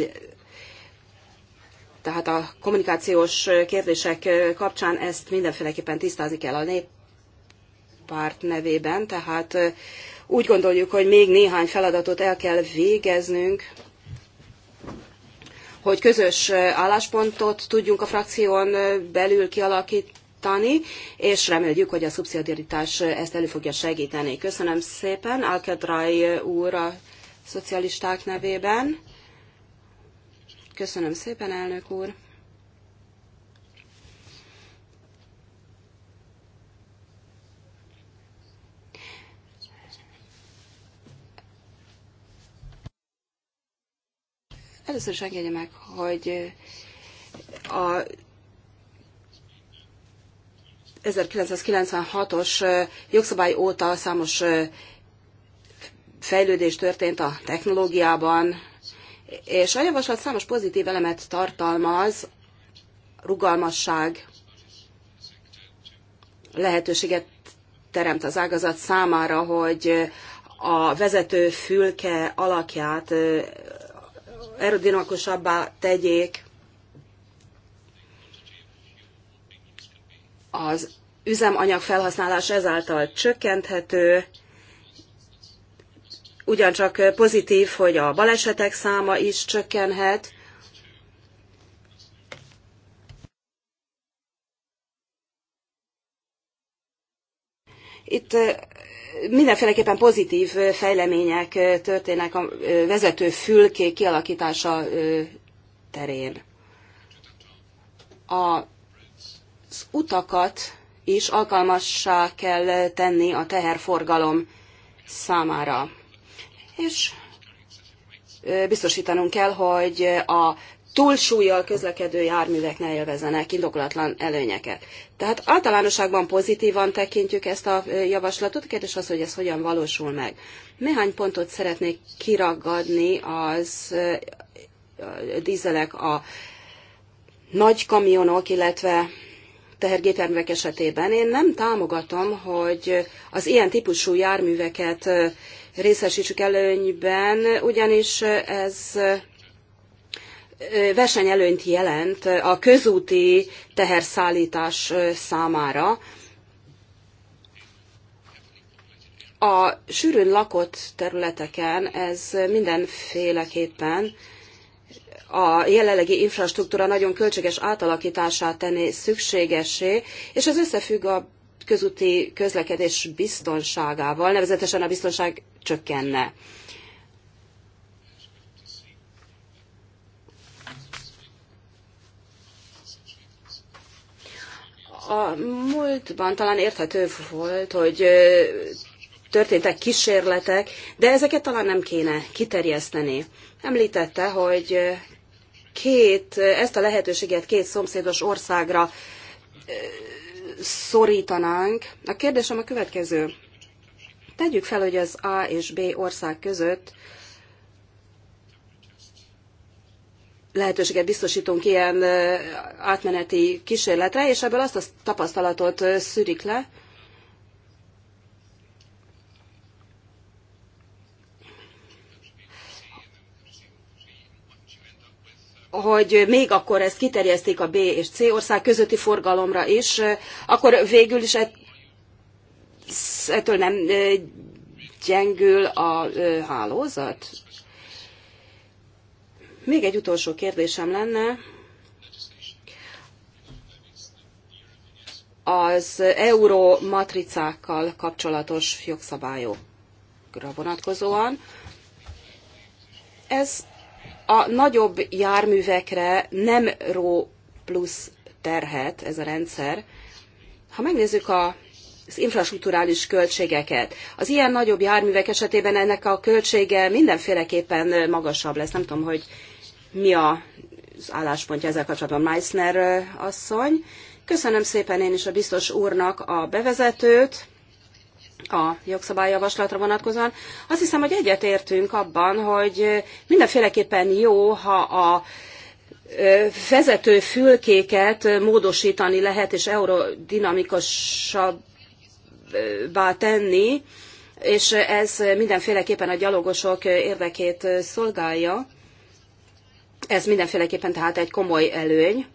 Tehát a kommunikációs kérdések kapcsán ezt mindenféleképpen tisztázni kell a néppárt nevében, tehát úgy gondoljuk, hogy még néhány feladatot el kell végeznünk, hogy közös álláspontot tudjunk a frakción belül kialakítani, javítani, és reméljük, hogy a szubszidiaritás ezt elő fogja segíteni. Köszönöm szépen, Alkedrai úr a szocialisták nevében. Köszönöm szépen, elnök úr. Először is engedje meg, hogy a 1996-os jogszabály óta számos fejlődés történt a technológiában, és a javaslat számos pozitív elemet tartalmaz, rugalmasság lehetőséget teremt az ágazat számára, hogy a vezető fülke alakját aerodinamikusabbá tegyék, az üzemanyag felhasználás ezáltal csökkenthető, ugyancsak pozitív, hogy a balesetek száma is csökkenhet, Itt eh, mindenféleképpen pozitív eh, fejlemények eh, történnek a vezető fülkék kialakítása terén. A az utakat is alkalmassá kell tenni a teherforgalom számára. És biztosítanunk kell, hogy a túlsúlyjal közlekedő járművek ne élvezenek indokolatlan előnyeket. Tehát általánosságban pozitívan tekintjük ezt a javaslatot, a kérdés az, hogy ez hogyan valósul meg. Néhány pontot szeretnék kiragadni az dízelek, a nagy kamionok, illetve tehergépjárművek esetében. Én nem támogatom, hogy az ilyen típusú járműveket részesítsük előnyben, ugyanis ez versenyelőnyt jelent a közúti teherszállítás számára. A sűrűn lakott területeken ez mindenféleképpen a jelenlegi infrastruktúra nagyon költséges átalakítását tenni szükségessé, és ez összefügg a közúti közlekedés biztonságával, nevezetesen a biztonság csökkenne. A múltban talán érthető volt, hogy történtek kísérletek, de ezeket talán nem kéne kiterjeszteni. Említette, hogy két, ezt a lehetőséget két szomszédos országra szorítanánk. A kérdésem a következő. Tegyük fel, hogy az A és B ország között lehetőséget biztosítunk ilyen átmeneti kísérletre, és ebből azt a tapasztalatot szűrik le, hogy még akkor ezt kiterjeszték a B és C ország közötti forgalomra is, akkor végül is ettől nem gyengül a hálózat? Még egy utolsó kérdésem lenne. Az euró matricákkal kapcsolatos jogszabályokra vonatkozóan. Ez a nagyobb járművekre nem ró plusz terhet ez a rendszer. Ha megnézzük a az infrastruktúrális költségeket. Az ilyen nagyobb járművek esetében ennek a költsége mindenféleképpen magasabb lesz. Nem tudom, hogy mi a, az álláspontja ezzel kapcsolatban Meissner asszony. Köszönöm szépen én is a biztos úrnak a bevezetőt a jogszabályjavaslatra vonatkozóan. Azt hiszem, hogy egyetértünk abban, hogy mindenféleképpen jó, ha a vezető fülkéket módosítani lehet és eurodinamikusabbá tenni, és ez mindenféleképpen a gyalogosok érdekét szolgálja. Ez mindenféleképpen tehát egy komoly előny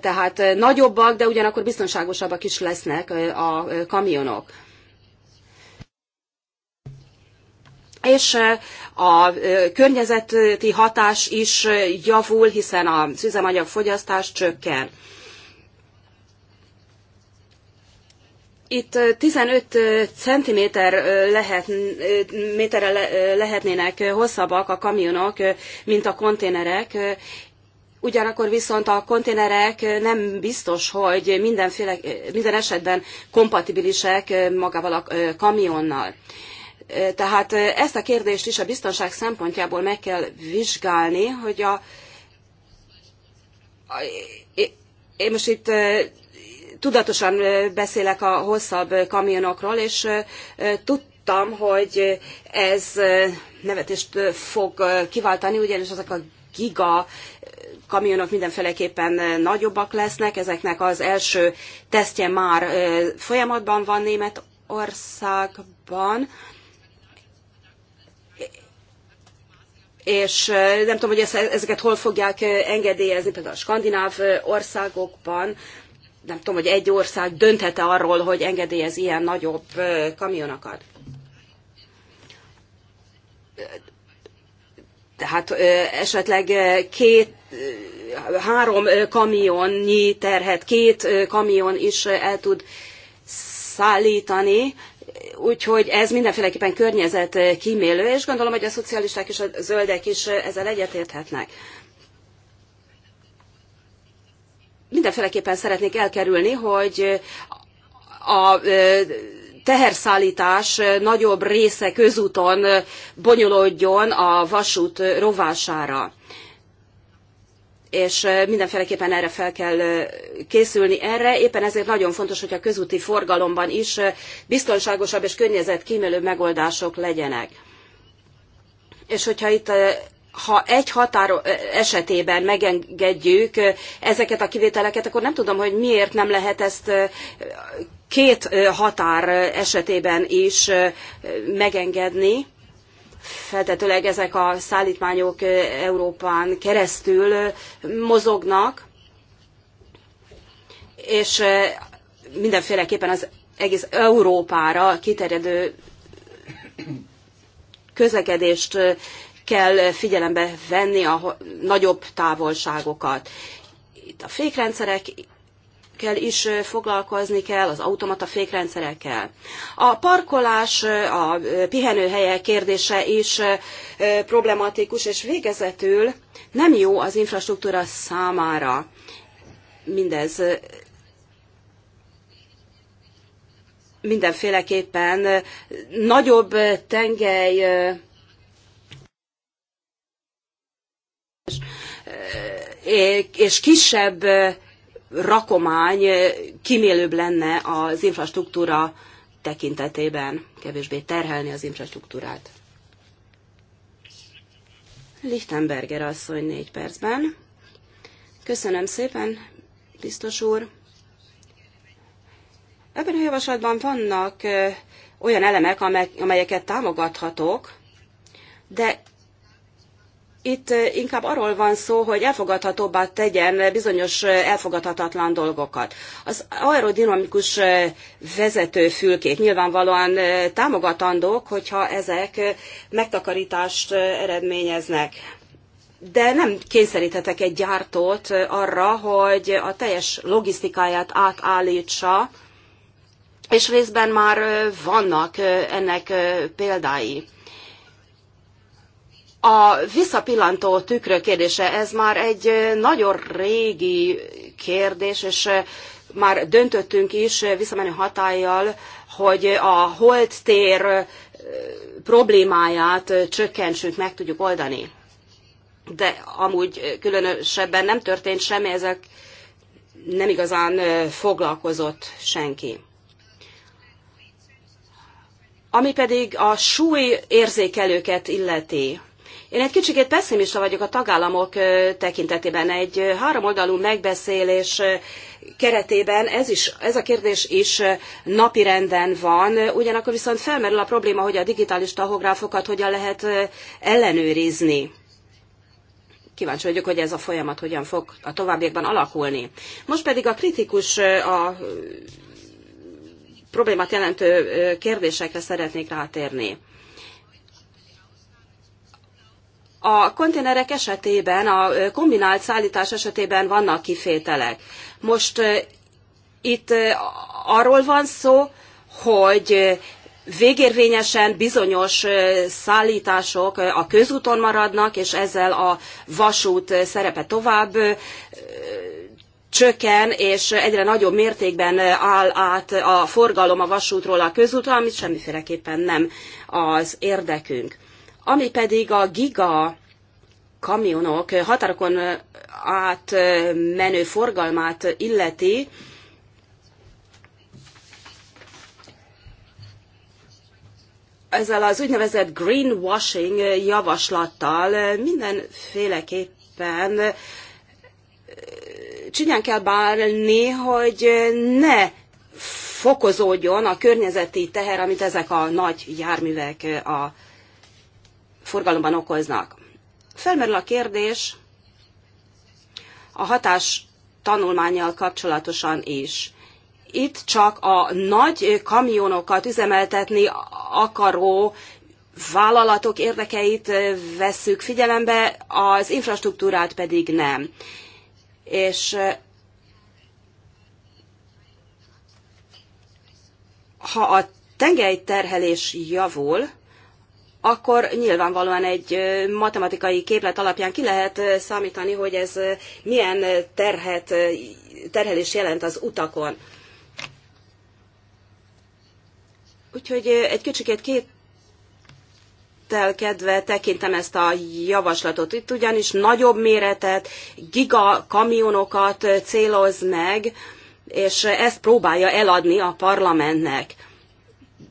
tehát eh, nagyobbak, de ugyanakkor biztonságosabbak is lesznek eh, a eh, kamionok. És a környezeti hatás is javul, hiszen a szüzemanyag fogyasztás csökken. Itt 15 cm lehet, méterre lehetnének hosszabbak a kamionok, mint a konténerek, Ugyanakkor viszont a konténerek nem biztos, hogy mindenféle, minden esetben kompatibilisek magával a kamionnal. Tehát ezt a kérdést is a biztonság szempontjából meg kell vizsgálni, hogy a, a én most itt tudatosan beszélek a hosszabb kamionokról, és tudtam, hogy ez nevetést fog kiváltani, ugyanis ezek a giga kamionok mindenféleképpen eh, nagyobbak lesznek, ezeknek az első tesztje már eh, folyamatban van Németországban, és eh, nem tudom, hogy ezeket hol fogják engedélyezni, például a skandináv országokban, nem tudom, hogy egy ország dönthet arról, hogy engedélyez ilyen nagyobb kamionokat. Tehát esetleg két három kamionnyi terhet két kamion is el tud szállítani, úgyhogy ez mindenféleképpen környezet kímélő, és gondolom, hogy a szocialisták és a zöldek is ezzel egyetérthetnek. Mindenféleképpen szeretnék elkerülni, hogy a teherszállítás nagyobb része közúton bonyolódjon a vasút rovására és mindenféleképpen erre fel kell készülni erre. Éppen ezért nagyon fontos, hogy a közúti forgalomban is biztonságosabb és környezetkímélő megoldások legyenek. És hogyha itt ha egy határ esetében megengedjük ezeket a kivételeket, akkor nem tudom, hogy miért nem lehet ezt két határ esetében is megengedni feltetőleg ezek a szállítmányok Európán keresztül mozognak, és mindenféleképpen az egész Európára kiterjedő közlekedést kell figyelembe venni a nagyobb távolságokat. Itt a fékrendszerek fékrendszerekkel is foglalkozni kell, az automata fékrendszerekkel. A parkolás, a pihenőhelyek kérdése is problematikus, és végezetül nem jó az infrastruktúra számára. Mindez mindenféleképpen nagyobb tengely és kisebb rakomány eh, kimélőbb lenne az infrastruktúra tekintetében, kevésbé terhelni az infrastruktúrát. Lichtenberger asszony négy percben. Köszönöm szépen, biztos úr. Ebben a javaslatban vannak eh, olyan elemek, amelyeket támogathatok, de itt eh, inkább arról van szó, hogy elfogadhatóbbá tegyen bizonyos eh, elfogadhatatlan dolgokat. Az aerodinamikus eh, vezetőfülkék nyilvánvalóan támogatandók, hogyha ezek megtakarítást eredményeznek. De nem kényszeríthetek egy gyártót arra, hogy a teljes logisztikáját átállítsa, és részben már vannak ennek példái. A visszapillantó tükrök kérdése, ez már egy nagyon régi kérdés, és már döntöttünk is visszamenő hatállyal, hogy a holdtér problémáját csökkentsük, meg tudjuk oldani. De amúgy különösebben nem történt semmi, ezek nem igazán foglalkozott senki. Ami pedig a súly érzékelőket illeti, én egy kicsikét pessimista vagyok a tagállamok tekintetében. Egy háromoldalú megbeszélés keretében ez, is, ez a kérdés is napirenden van, ugyanakkor viszont felmerül a probléma, hogy a digitális tahográfokat hogyan lehet ellenőrizni. Kíváncsi vagyok, hogy ez a folyamat hogyan fog a továbbiakban alakulni. Most pedig a kritikus, a problémát jelentő kérdésekre szeretnék rátérni. A konténerek esetében, a kombinált szállítás esetében vannak kifételek. Most itt arról van szó, hogy végérvényesen bizonyos szállítások a közúton maradnak, és ezzel a vasút szerepe tovább csökken, és egyre nagyobb mértékben áll át a forgalom a vasútról a közútra, amit semmiféleképpen nem az érdekünk. Ami pedig a giga kamionok határokon átmenő forgalmát illeti, ezzel az úgynevezett greenwashing javaslattal mindenféleképpen csinyán kell bárni, hogy ne fokozódjon a környezeti teher, amit ezek a nagy járművek a forgalomban okoznak. Felmerül a kérdés a hatás tanulmányjal kapcsolatosan is. Itt csak a nagy kamionokat üzemeltetni akaró vállalatok érdekeit vesszük figyelembe, az infrastruktúrát pedig nem. És ha a tengelyterhelés javul, akkor nyilvánvalóan egy matematikai képlet alapján ki lehet számítani, hogy ez milyen terhet, terhelés jelent az utakon. Úgyhogy egy kicsikét két kedve tekintem ezt a javaslatot. Itt ugyanis nagyobb méretet, giga kamionokat céloz meg, és ezt próbálja eladni a parlamentnek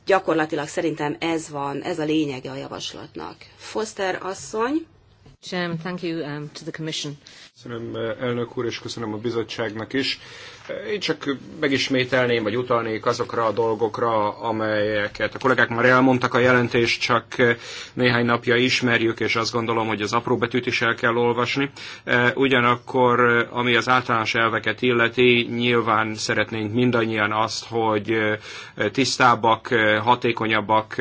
gyakorlatilag szerintem ez van, ez a lényege a javaslatnak. Foster asszony. Chairman, thank you um, to the Commission. Köszönöm eh, elnök úr, és köszönöm a bizottságnak is. Én csak megismételném, vagy utalnék azokra a dolgokra, amelyeket a kollégák már elmondtak a jelentést, csak néhány napja ismerjük, és azt gondolom, hogy az apró betűt is el kell olvasni. E, ugyanakkor, ami az általános elveket illeti, nyilván szeretnénk mindannyian azt, hogy tisztábbak, hatékonyabbak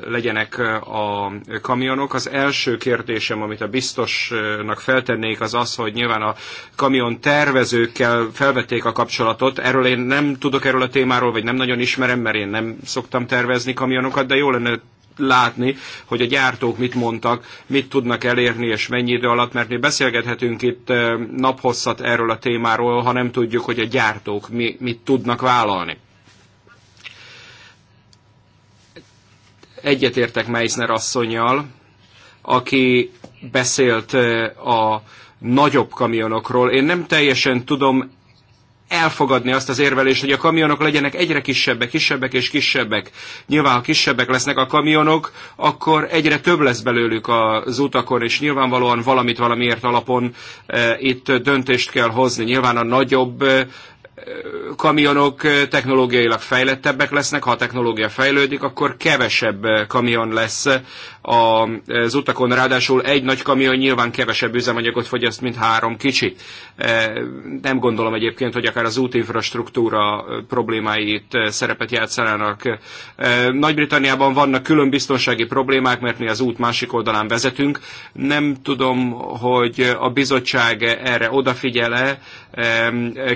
legyenek a kamionok. Az első kérdésem, amit a biztosnak feltennék, az az, hogy nyilván a kamion tervezőkkel felvették felvették a kapcsolatot. Erről én nem tudok erről a témáról, vagy nem nagyon ismerem, mert én nem szoktam tervezni kamionokat, de jó lenne látni, hogy a gyártók mit mondtak, mit tudnak elérni és mennyi idő alatt, mert mi beszélgethetünk itt naphosszat erről a témáról, ha nem tudjuk, hogy a gyártók mi, mit tudnak vállalni. Egyetértek Meisner asszonyjal, aki beszélt a nagyobb kamionokról. Én nem teljesen tudom elfogadni azt az érvelést, hogy a kamionok legyenek egyre kisebbek, kisebbek és kisebbek. Nyilván, ha kisebbek lesznek a kamionok, akkor egyre több lesz belőlük az utakon, és nyilvánvalóan valamit valamiért alapon e, itt döntést kell hozni. Nyilván a nagyobb e, kamionok e, technológiailag fejlettebbek lesznek, ha a technológia fejlődik, akkor kevesebb e, kamion lesz az utakon, ráadásul egy nagy kamion nyilván kevesebb üzemanyagot fogyaszt, mint három kicsi. E, nem gondolom egyébként, hogy akár az útinfrastruktúra problémáit e, szerepet játszanának. E, Nagy-Britanniában vannak külön biztonsági problémák, mert mi az út másik oldalán vezetünk. Nem tudom, hogy a bizottság erre odafigyele,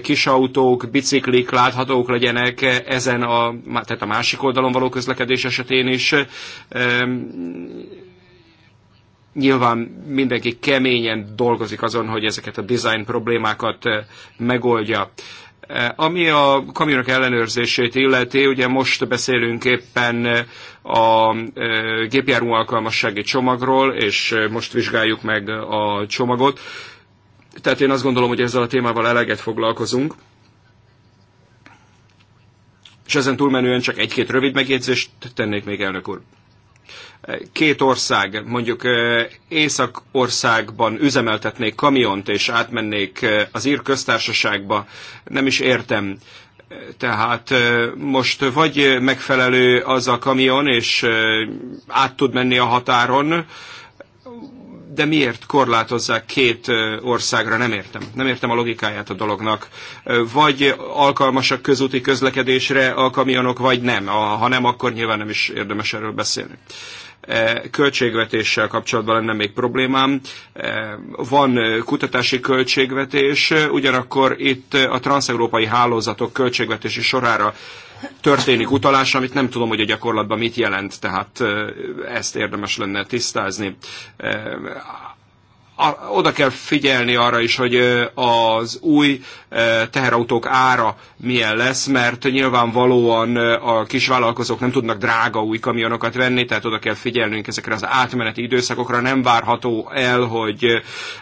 kis autók, biciklik láthatók legyenek ezen a, tehát a másik oldalon való közlekedés esetén is Nyilván mindenki keményen dolgozik azon, hogy ezeket a design problémákat eh, megoldja. Eh, ami a kamionok ellenőrzését illeti, ugye most beszélünk éppen eh, a gépjármű alkalmassági csomagról, és most vizsgáljuk meg a csomagot. Tehát én azt gondolom, hogy ezzel a témával eleget foglalkozunk. És ezen túlmenően csak egy-két rövid megjegyzést tennék még, elnök úr két ország, mondjuk Észak-országban üzemeltetnék kamiont, és átmennék az ír köztársaságba, nem is értem. Tehát most vagy megfelelő az a kamion, és át tud menni a határon, de miért korlátozzák két országra, nem értem. Nem értem a logikáját a dolognak. Vagy alkalmasak közúti közlekedésre a kamionok, vagy nem. Ha nem, akkor nyilván nem is érdemes erről beszélni költségvetéssel kapcsolatban lenne még problémám. Van kutatási költségvetés, ugyanakkor itt a transeurópai hálózatok költségvetési sorára történik utalás, amit nem tudom, hogy a gyakorlatban mit jelent, tehát ezt érdemes lenne tisztázni oda kell figyelni arra is, hogy az új teherautók ára milyen lesz, mert nyilvánvalóan a kisvállalkozók nem tudnak drága új kamionokat venni, tehát oda kell figyelnünk ezekre az átmeneti időszakokra. Nem várható el, hogy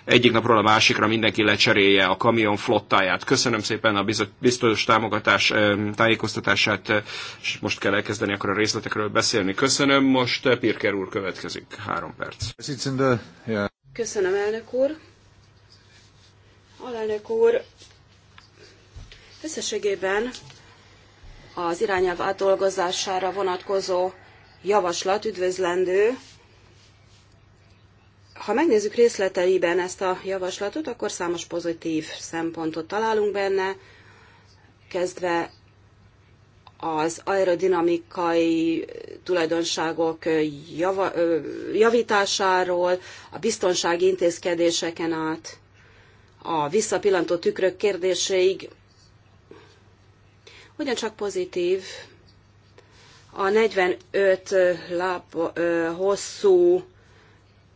egyik napról a másikra mindenki lecserélje a kamion flottáját. Köszönöm szépen a biztos támogatás tájékoztatását, és most kell elkezdeni akkor a részletekről beszélni. Köszönöm, most Pirker úr következik. Három perc. Köszönöm, elnök úr. Alelnök úr, összességében az irányelv átdolgozására vonatkozó javaslat üdvözlendő. Ha megnézzük részleteiben ezt a javaslatot, akkor számos pozitív szempontot találunk benne, kezdve az aerodinamikai tulajdonságok java, javításáról, a biztonsági intézkedéseken át, a visszapillantó tükrök kérdéséig. Ugyancsak pozitív a 45 láb hosszú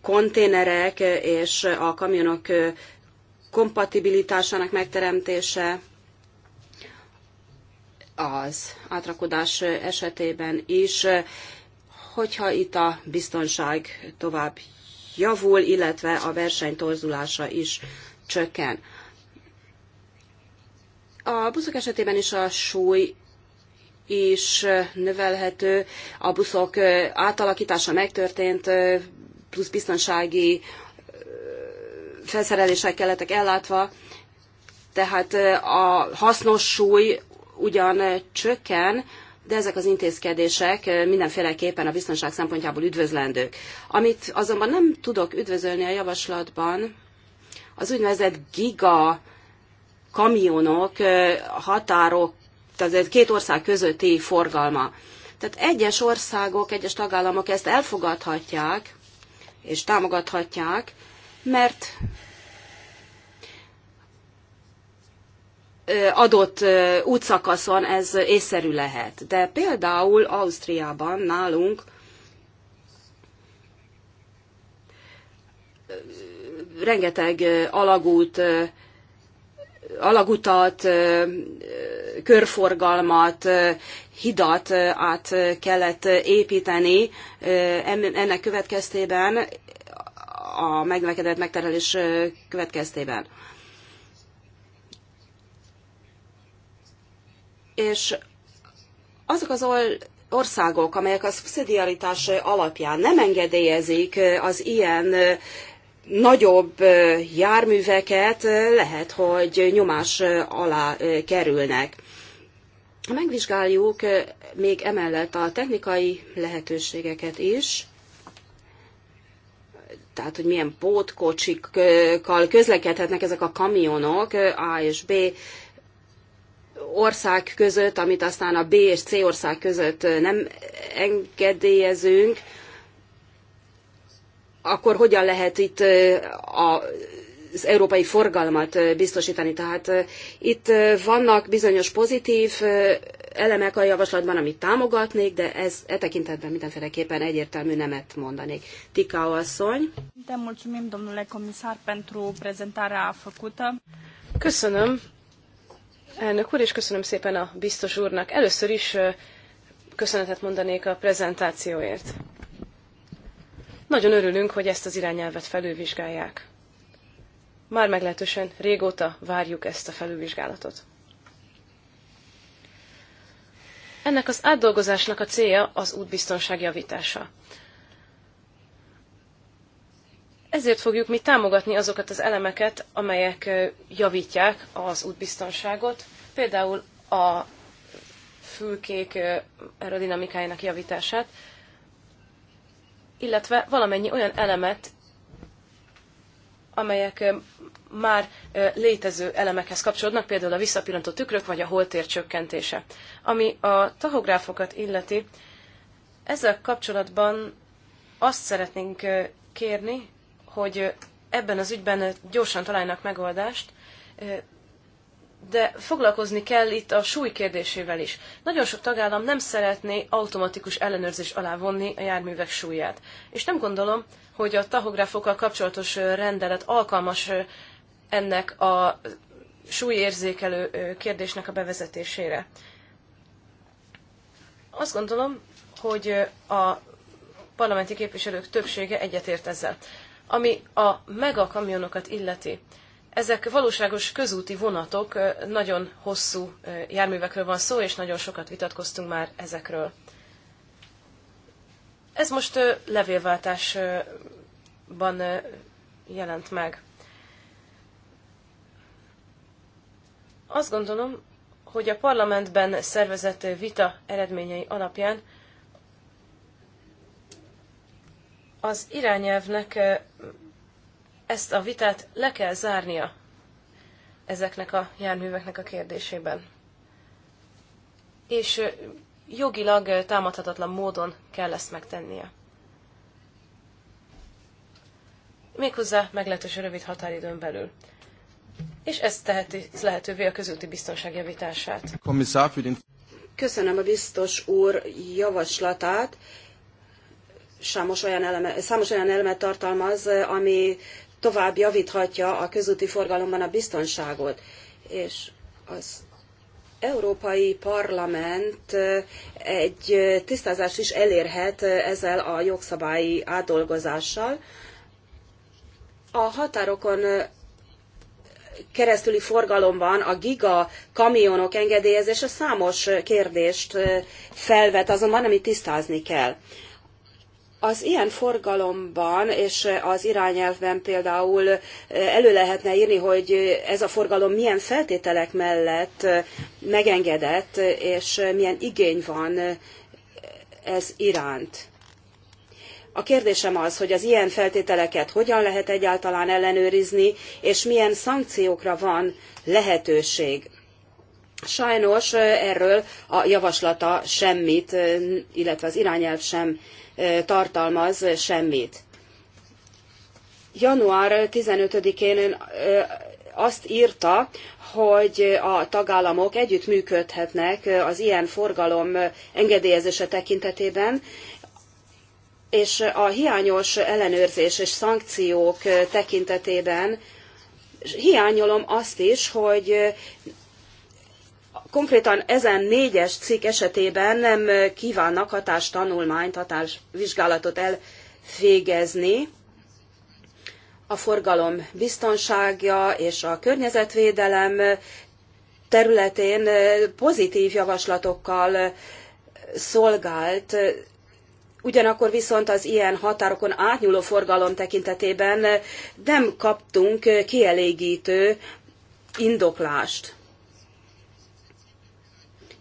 konténerek és a kamionok kompatibilitásának megteremtése, az átrakodás esetében is, hogyha itt a biztonság tovább javul, illetve a verseny torzulása is csökken. A buszok esetében is a súly is növelhető. A buszok átalakítása megtörtént, plusz biztonsági felszerelések kellettek ellátva, tehát a hasznos súly ugyan csökken, de ezek az intézkedések eh, mindenféleképpen a biztonság szempontjából üdvözlendők. Amit azonban nem tudok üdvözölni a javaslatban, az úgynevezett giga kamionok eh, határok, tehát két ország közötti forgalma. Tehát egyes országok, egyes tagállamok ezt elfogadhatják és támogathatják, mert adott útszakaszon ez észszerű lehet. De például Ausztriában nálunk rengeteg alagút, alagutat, körforgalmat, hidat át kellett építeni. Ennek következtében, a megnövekedett megterhelés következtében. és azok az országok, amelyek a szubszidiaritás alapján nem engedélyezik az ilyen nagyobb járműveket, lehet, hogy nyomás alá kerülnek. Megvizsgáljuk még emellett a technikai lehetőségeket is, tehát hogy milyen pótkocsikkal közlekedhetnek ezek a kamionok A és B ország között, amit aztán a B és C ország között nem engedélyezünk, akkor hogyan lehet itt az európai forgalmat biztosítani? Tehát itt vannak bizonyos pozitív elemek a javaslatban, amit támogatnék, de ez e tekintetben mindenféleképpen egyértelmű nemet mondanék. Tika asszony. De domnule comisar, pentru prezentarea făcută. Köszönöm, Elnök úr, és köszönöm szépen a biztos úrnak. Először is köszönetet mondanék a prezentációért. Nagyon örülünk, hogy ezt az irányelvet felülvizsgálják. Már meglehetősen régóta várjuk ezt a felülvizsgálatot. Ennek az átdolgozásnak a célja az útbiztonság javítása. Ezért fogjuk mi támogatni azokat az elemeket, amelyek javítják az útbiztonságot, például a fülkék aerodinamikájának javítását, illetve valamennyi olyan elemet, amelyek már létező elemekhez kapcsolódnak, például a visszapillantó tükrök vagy a holtér csökkentése. Ami a tahográfokat illeti, ezzel kapcsolatban azt szeretnénk kérni, hogy ebben az ügyben gyorsan találnak megoldást, de foglalkozni kell itt a súly kérdésével is. Nagyon sok tagállam nem szeretné automatikus ellenőrzés alá vonni a járművek súlyát. És nem gondolom, hogy a tahográfokkal kapcsolatos rendelet alkalmas ennek a súlyérzékelő kérdésnek a bevezetésére. Azt gondolom, hogy a parlamenti képviselők többsége egyetért ezzel. Ami a megakamionokat illeti, ezek valóságos közúti vonatok, nagyon hosszú járművekről van szó, és nagyon sokat vitatkoztunk már ezekről. Ez most levélváltásban jelent meg. Azt gondolom, hogy a parlamentben szervezett vita eredményei alapján az irányelvnek ezt a vitát le kell zárnia ezeknek a járműveknek a kérdésében. És jogilag támadhatatlan módon kell ezt megtennie. Méghozzá meglehetősen rövid határidőn belül. És ez teheti lehetővé a közúti biztonság javítását. Köszönöm a biztos úr javaslatát, számos olyan, eleme, számos olyan elemet tartalmaz, ami tovább javíthatja a közúti forgalomban a biztonságot. És az Európai Parlament egy tisztázást is elérhet ezzel a jogszabályi átdolgozással. A határokon keresztüli forgalomban a giga kamionok engedélyezése számos kérdést felvet, azonban amit tisztázni kell. Az ilyen forgalomban és az irányelvben például eh, elő lehetne írni, hogy ez a forgalom milyen feltételek mellett eh, megengedett, és milyen igény van eh, ez iránt. A kérdésem az, hogy az ilyen feltételeket hogyan lehet egyáltalán ellenőrizni, és milyen szankciókra van lehetőség. Sajnos erről a javaslata semmit, illetve az irányelv sem tartalmaz semmit. Január 15-én ön azt írta, hogy a tagállamok együttműködhetnek az ilyen forgalom engedélyezése tekintetében, és a hiányos ellenőrzés és szankciók tekintetében hiányolom azt is, hogy konkrétan ezen négyes cikk esetében nem kívánnak hatástanulmányt, hatásvizsgálatot elvégezni. A forgalom biztonsága és a környezetvédelem területén pozitív javaslatokkal szolgált, ugyanakkor viszont az ilyen határokon átnyúló forgalom tekintetében nem kaptunk kielégítő indoklást.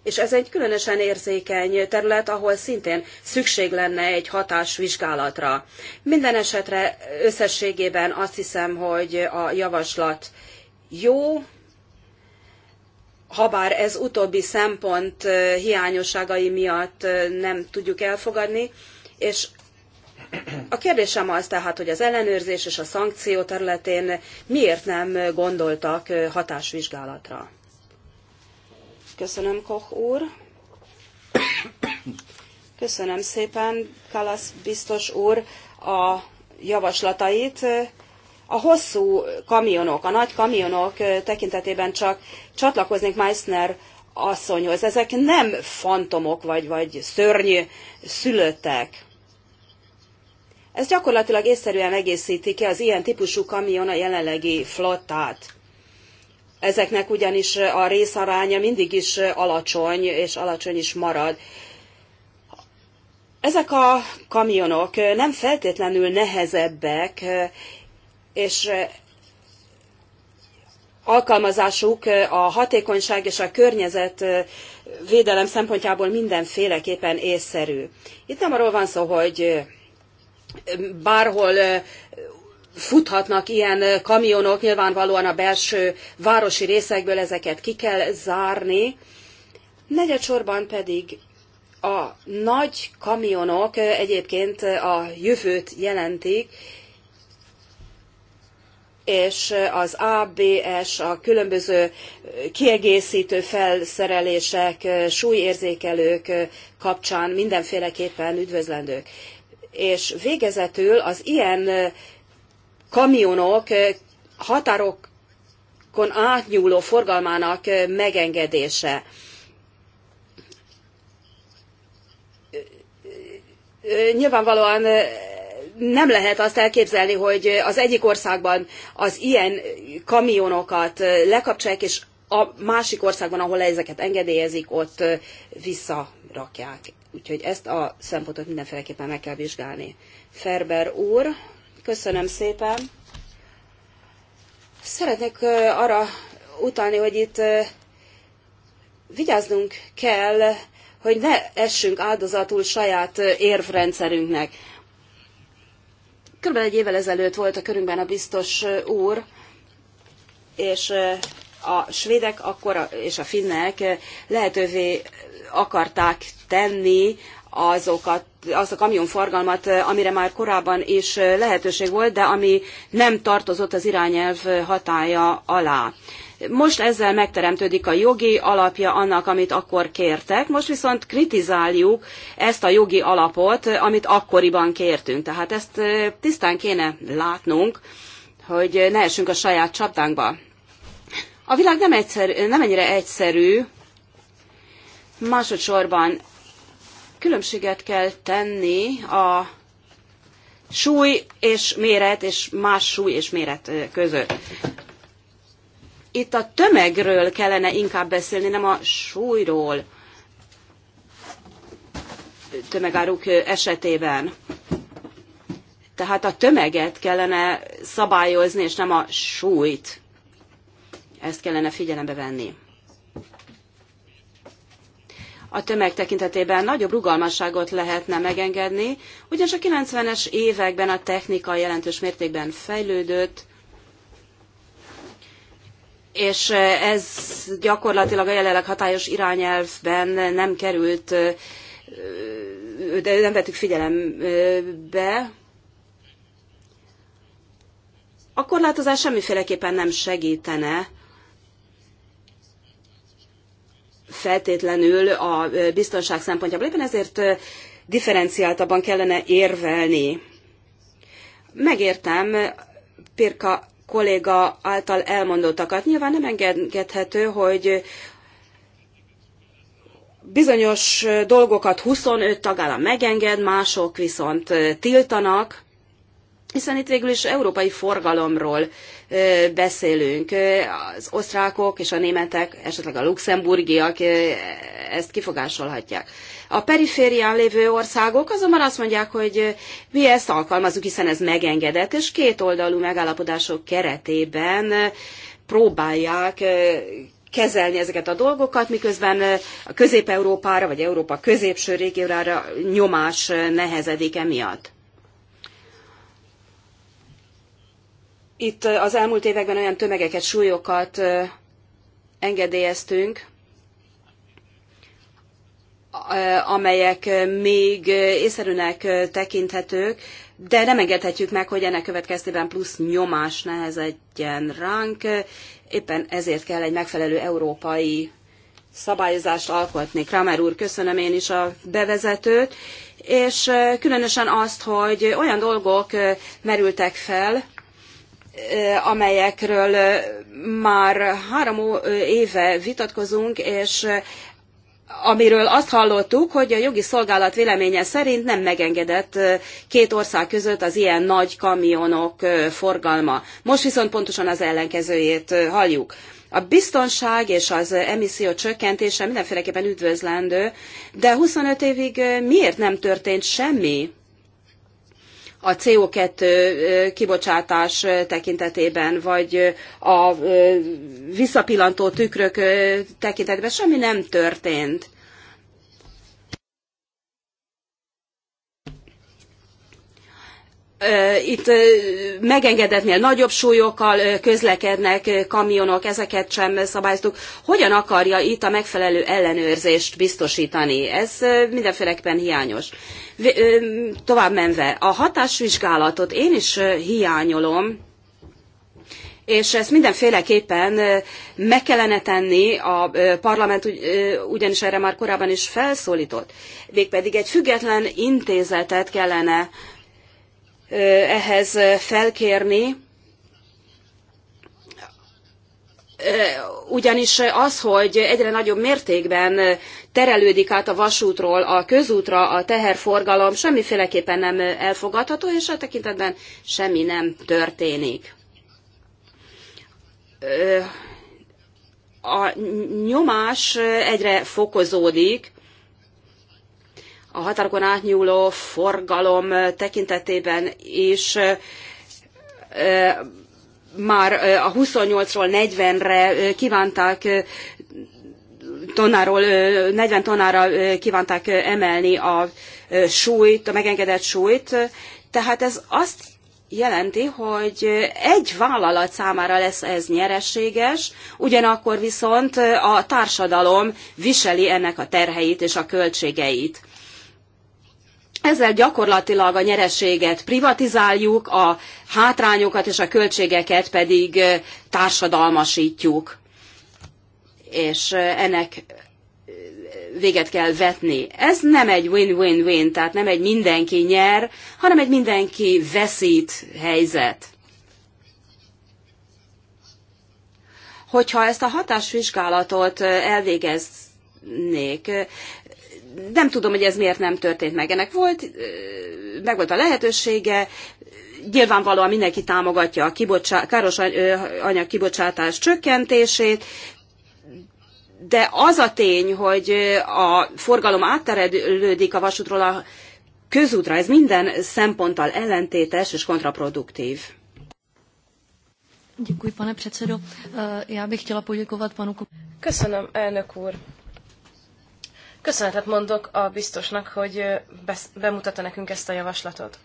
És ez egy különösen érzékeny terület, ahol szintén szükség lenne egy hatásvizsgálatra. Minden esetre összességében azt hiszem, hogy a javaslat jó, habár ez utóbbi szempont hiányosságai miatt nem tudjuk elfogadni, és a kérdésem az tehát, hogy az ellenőrzés és a szankció területén miért nem gondoltak hatásvizsgálatra? Köszönöm, Koch úr. Köszönöm szépen, Kalasz biztos úr, a javaslatait. A hosszú kamionok, a nagy kamionok tekintetében csak csatlakoznék Meissner asszonyhoz. Ezek nem fantomok vagy, vagy szörnyű szülöttek. Ez gyakorlatilag észszerűen egészíti ki az ilyen típusú kamion a jelenlegi flottát. Ezeknek ugyanis a részaránya mindig is alacsony, és alacsony is marad. Ezek a kamionok nem feltétlenül nehezebbek, és alkalmazásuk a hatékonyság és a környezet védelem szempontjából mindenféleképpen észszerű. Itt nem arról van szó, hogy bárhol futhatnak ilyen kamionok, nyilvánvalóan a belső városi részekből ezeket ki kell zárni. Negyedsorban pedig a nagy kamionok egyébként a jövőt jelentik, és az ABS, a különböző kiegészítő felszerelések, súlyérzékelők kapcsán mindenféleképpen üdvözlendők. És végezetül az ilyen kamionok eh, határokon átnyúló forgalmának eh, megengedése. Eh, nyilvánvalóan nem lehet azt elképzelni, hogy az egyik országban az ilyen kamionokat lekapcsolják, és a másik országban, ahol ezeket engedélyezik, ott visszarakják. Úgyhogy ezt a szempontot mindenféleképpen meg kell vizsgálni. Ferber úr, Köszönöm szépen. Szeretnék arra utalni, hogy itt vigyáznunk kell, hogy ne essünk áldozatul saját érvrendszerünknek. Körülbelül egy évvel ezelőtt volt a körünkben a biztos úr, és a svédek akkor és a finnek lehetővé akarták tenni azokat azt a kamionforgalmat, eh, amire már korábban is eh, lehetőség volt, de ami nem tartozott az irányelv eh, hatája alá. Most ezzel megteremtődik a jogi alapja annak, amit akkor kértek, most viszont kritizáljuk ezt a jogi alapot, amit akkoriban kértünk. Tehát ezt tisztán kéne látnunk, hogy ne essünk a saját csapdánkba. A világ nem, egyszerű, nem ennyire egyszerű, másodszorban Különbséget kell tenni a súly és méret és más súly és méret között. Itt a tömegről kellene inkább beszélni, nem a súlyról tömegáruk esetében. Tehát a tömeget kellene szabályozni, és nem a súlyt. Ezt kellene figyelembe venni a tömeg tekintetében nagyobb rugalmasságot lehetne megengedni, ugyanis a 90-es években a technika jelentős mértékben fejlődött, és ez gyakorlatilag a jelenleg hatályos irányelvben nem került, de nem vettük figyelembe. A korlátozás semmiféleképpen nem segítene feltétlenül a biztonság szempontjából. Éppen ezért differenciáltabban kellene érvelni. Megértem Pirka kolléga által elmondottakat. Nyilván nem engedhető, hogy bizonyos dolgokat 25 tagállam megenged, mások viszont tiltanak. Hiszen itt végül is európai forgalomról beszélünk. Az osztrákok és a németek, esetleg a luxemburgiak ezt kifogásolhatják. A periférián lévő országok azonban azt mondják, hogy mi ezt alkalmazunk, hiszen ez megengedett, és kétoldalú megállapodások keretében próbálják kezelni ezeket a dolgokat, miközben a Közép-Európára vagy Európa középső régióira nyomás nehezedik emiatt. Itt az elmúlt években olyan tömegeket, súlyokat engedélyeztünk, amelyek még észszerűnek tekinthetők, de nem engedhetjük meg, hogy ennek következtében plusz nyomás nehezedjen ránk. Éppen ezért kell egy megfelelő európai szabályozást alkotni. Kramer úr, köszönöm én is a bevezetőt, és különösen azt, hogy olyan dolgok merültek fel, amelyekről már három éve vitatkozunk, és amiről azt hallottuk, hogy a jogi szolgálat véleménye szerint nem megengedett két ország között az ilyen nagy kamionok forgalma. Most viszont pontosan az ellenkezőjét halljuk. A biztonság és az emisszió csökkentése mindenféleképpen üdvözlendő, de 25 évig miért nem történt semmi? a CO2 kibocsátás tekintetében, vagy a visszapillantó tükrök tekintetében semmi nem történt. itt megengedetnél nagyobb súlyokkal közlekednek kamionok, ezeket sem szabályoztuk. Hogyan akarja itt a megfelelő ellenőrzést biztosítani? Ez mindenféleképpen hiányos. Tovább menve, a hatásvizsgálatot én is hiányolom, és ezt mindenféleképpen meg kellene tenni, a parlament ugyanis erre már korábban is felszólított. Végpedig egy független intézetet kellene ehhez felkérni, ugyanis az, hogy egyre nagyobb mértékben terelődik át a vasútról a közútra a teherforgalom, semmiféleképpen nem elfogadható, és a tekintetben semmi nem történik. A nyomás egyre fokozódik, a határokon átnyúló forgalom tekintetében is már a 28-ról 40-re kívánták tonnáról, 40 tonnára kívánták emelni a súlyt, a megengedett súlyt. Tehát ez azt jelenti, hogy egy vállalat számára lesz ez nyereséges, ugyanakkor viszont a társadalom viseli ennek a terheit és a költségeit. Ezzel gyakorlatilag a nyereséget privatizáljuk, a hátrányokat és a költségeket pedig társadalmasítjuk. És ennek véget kell vetni. Ez nem egy win-win-win, tehát nem egy mindenki nyer, hanem egy mindenki veszít helyzet. Hogyha ezt a hatásvizsgálatot elvégeznék, nem tudom, hogy ez miért nem történt meg. Ennek volt, meg volt a lehetősége, nyilvánvalóan mindenki támogatja a kibocsá- káros anyag kibocsátás csökkentését, de az a tény, hogy a forgalom átterelődik a vasútról a közútra, ez minden szemponttal ellentétes és kontraproduktív. Děkuji, pane předsedo. E, já bych chtěla poděkovat panu... Köszönöm, elnök úr. Köszönetet mondok a biztosnak, hogy bemutatta nekünk ezt a javaslatot.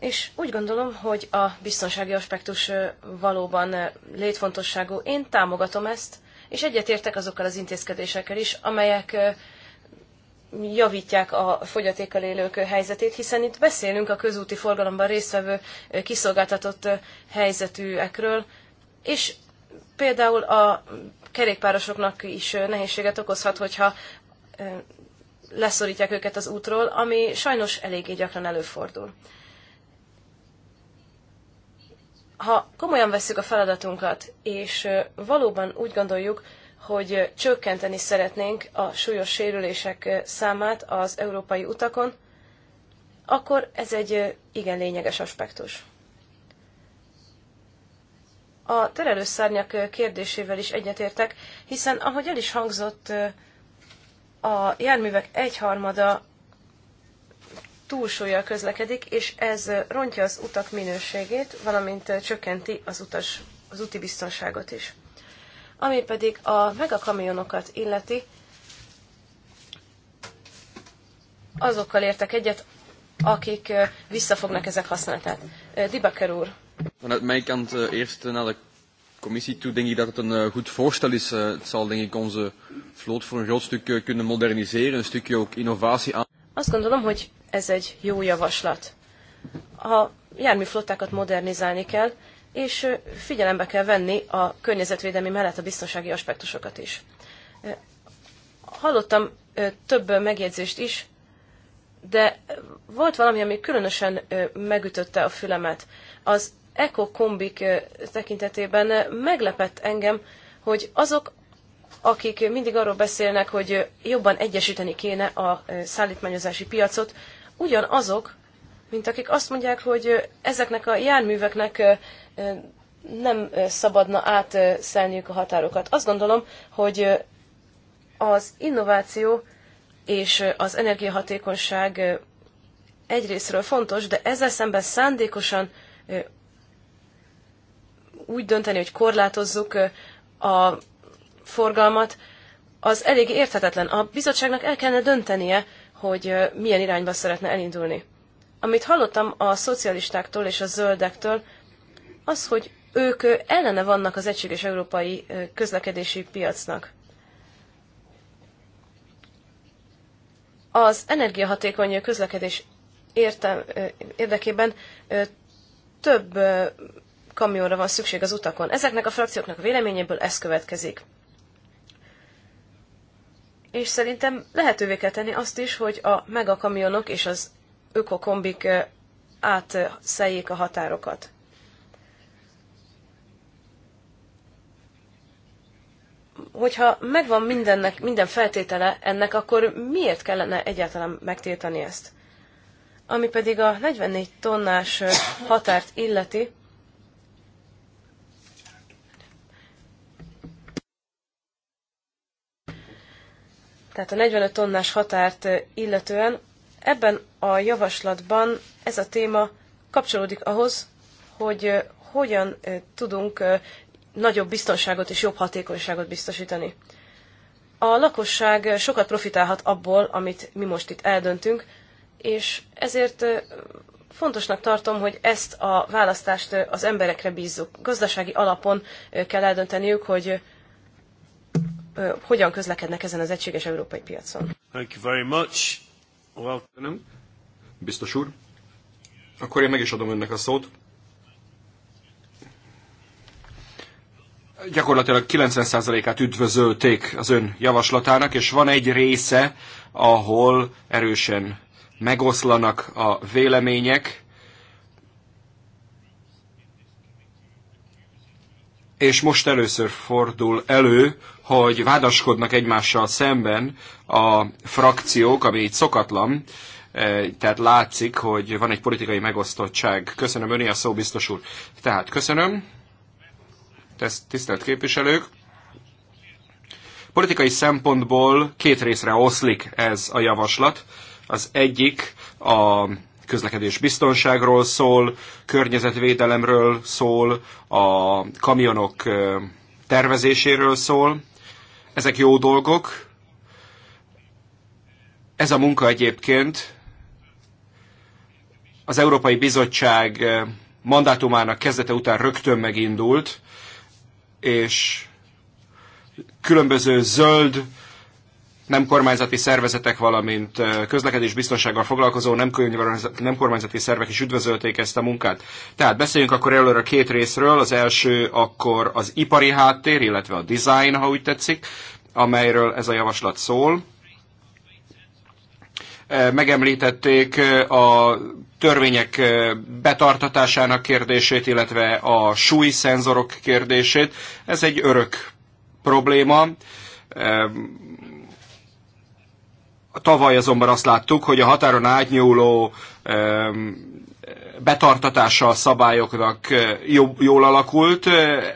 És úgy gondolom, hogy a biztonsági aspektus valóban létfontosságú. Én támogatom ezt, és egyetértek azokkal az intézkedésekkel is, amelyek javítják a fogyatékkal élők helyzetét, hiszen itt beszélünk a közúti forgalomban résztvevő kiszolgáltatott helyzetűekről, és például a kerékpárosoknak is nehézséget okozhat, hogyha leszorítják őket az útról, ami sajnos eléggé gyakran előfordul. Ha komolyan vesszük a feladatunkat, és valóban úgy gondoljuk, hogy csökkenteni szeretnénk a súlyos sérülések számát az európai utakon, akkor ez egy igen lényeges aspektus. A terelős szárnyak kérdésével is egyetértek, hiszen ahogy el is hangzott, a járművek egyharmada túlsúlya közlekedik, és ez rontja az utak minőségét, valamint csökkenti az, utas, az úti biztonságot is. Ami pedig a megakamionokat illeti, azokkal értek egyet, akik visszafognak ezek használatát. Dibaker úr, Vanuit mijn kant uh, eerst eh, naar de commissie toe denk ik dat het een uh, goed voorstel is. Uh, het zal denk ik onze vloot voor een groot stuk uh, kunnen moderniseren, een stukje ook innovatie aan. Azt gondolom, hogy ez egy jó javaslat. A járműflottákat modernizálni kell, és figyelembe kell venni a környezetvédelmi mellett a biztonsági aspektusokat is. Hallottam több megjegyzést is, de volt valami, ami különösen megütötte a fülemet. Az ekokombik eh, tekintetében meglepett engem, hogy azok, akik mindig arról beszélnek, hogy jobban egyesíteni kéne a eh, szállítmányozási piacot, ugyanazok, mint akik azt mondják, hogy eh, ezeknek a járműveknek nem szabadna átszelniük a határokat. Azt gondolom, hogy az innováció és az energiahatékonyság egyrésztről fontos, de ezzel szemben szándékosan úgy dönteni, hogy korlátozzuk a forgalmat, az elég érthetetlen. A bizottságnak el kellene döntenie, hogy milyen irányba szeretne elindulni. Amit hallottam a szocialistáktól és a zöldektől, az, hogy ők ellene vannak az egységes európai közlekedési piacnak. Az energiahatékony közlekedés értem, érdekében több kamionra van szükség az utakon. Ezeknek a frakcióknak a véleményéből ez következik. És szerintem lehetővé kell tenni azt is, hogy a megakamionok és az ökokombik átszeljék a határokat. Hogyha megvan mindennek, minden feltétele ennek, akkor miért kellene egyáltalán megtiltani ezt? Ami pedig a 44 tonnás határt illeti, tehát a 45 tonnás határt illetően, ebben a javaslatban ez a téma kapcsolódik ahhoz, hogy hogyan tudunk nagyobb biztonságot és jobb hatékonyságot biztosítani. A lakosság sokat profitálhat abból, amit mi most itt eldöntünk, és ezért fontosnak tartom, hogy ezt a választást az emberekre bízzuk. Gazdasági alapon kell eldönteniük, hogy hogyan közlekednek ezen az egységes európai piacon. Thank you very much. Welcome. Biztos úr. Akkor én meg is adom önnek a szót. Gyakorlatilag 90%-át üdvözölték az ön javaslatának, és van egy része, ahol erősen megoszlanak a vélemények, és most először fordul elő, hogy vádaskodnak egymással szemben a frakciók, ami itt szokatlan, e, tehát látszik, hogy van egy politikai megosztottság. Köszönöm öné a szó, biztos úr. Tehát köszönöm, tisztelt képviselők. Politikai szempontból két részre oszlik ez a javaslat. Az egyik a közlekedés biztonságról szól, környezetvédelemről szól, a kamionok tervezéséről szól. Ezek jó dolgok. Ez a munka egyébként az Európai Bizottság mandátumának kezdete után rögtön megindult, és különböző zöld nem kormányzati szervezetek, valamint közlekedés biztonsággal foglalkozó nem, nem kormányzati szervek is üdvözölték ezt a munkát. Tehát beszéljünk akkor előre a két részről. Az első akkor az ipari háttér, illetve a design, ha úgy tetszik, amelyről ez a javaslat szól. Megemlítették a törvények betartatásának kérdését, illetve a súlyszenzorok kérdését. Ez egy örök probléma Tavaly azonban azt láttuk, hogy a határon átnyúló betartatása a szabályoknak eh, jól alakult. Eh,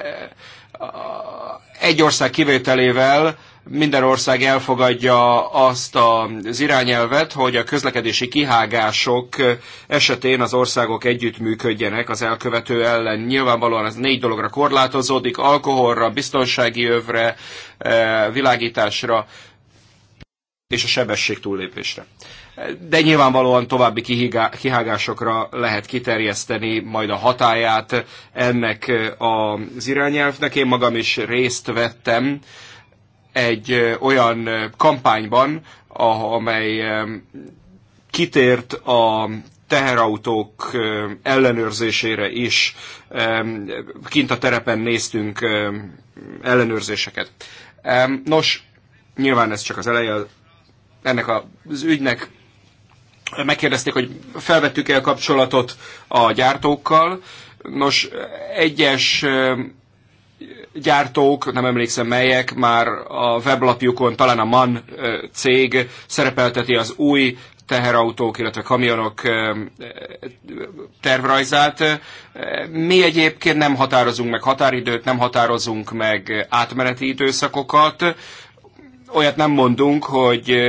egy ország kivételével minden ország elfogadja azt az irányelvet, hogy a közlekedési kihágások eh, esetén az országok együttműködjenek az elkövető ellen. Nyilvánvalóan ez négy dologra korlátozódik, alkoholra, biztonsági övre, világításra, és a sebesség túllépésre. De nyilvánvalóan további kihágásokra lehet kiterjeszteni majd a hatáját ennek az irányelvnek. Én magam is részt vettem egy olyan kampányban, amely kitért a teherautók ellenőrzésére is. Kint a terepen néztünk ellenőrzéseket. Nos, nyilván ez csak az eleje ennek az ügynek megkérdezték, hogy felvettük-e a kapcsolatot a gyártókkal. Nos, egyes gyártók, nem emlékszem melyek, már a weblapjukon talán a MAN cég szerepelteti az új teherautók, illetve kamionok tervrajzát. Mi egyébként nem határozunk meg határidőt, nem határozunk meg átmeneti időszakokat olyat nem mondunk, hogy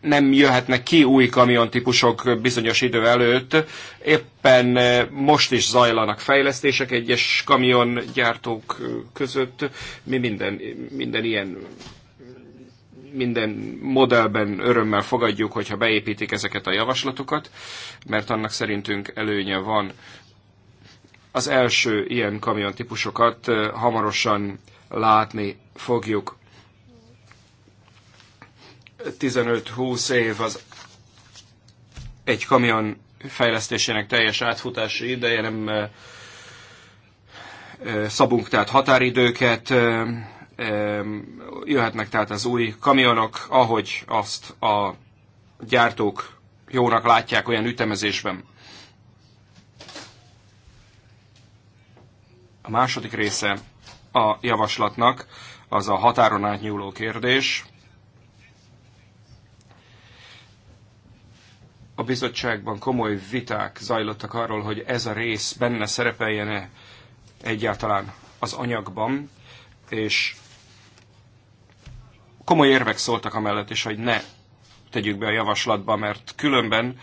nem jöhetnek ki új kamiontípusok bizonyos idő előtt. Éppen most is zajlanak fejlesztések egyes kamiongyártók között. Mi minden, minden ilyen minden modellben örömmel fogadjuk, hogyha beépítik ezeket a javaslatokat, mert annak szerintünk előnye van. Az első ilyen kamiontípusokat hamarosan látni fogjuk. 15-20 év az egy kamion fejlesztésének teljes átfutási ideje, nem szabunk tehát határidőket, jöhetnek tehát az új kamionok, ahogy azt a gyártók jónak látják olyan ütemezésben. A második része a javaslatnak az a határon átnyúló kérdés. a bizottságban komoly viták zajlottak arról, hogy ez a rész benne szerepeljen-e egyáltalán az anyagban, és komoly érvek szóltak amellett is, hogy ne tegyük be a javaslatba, mert különben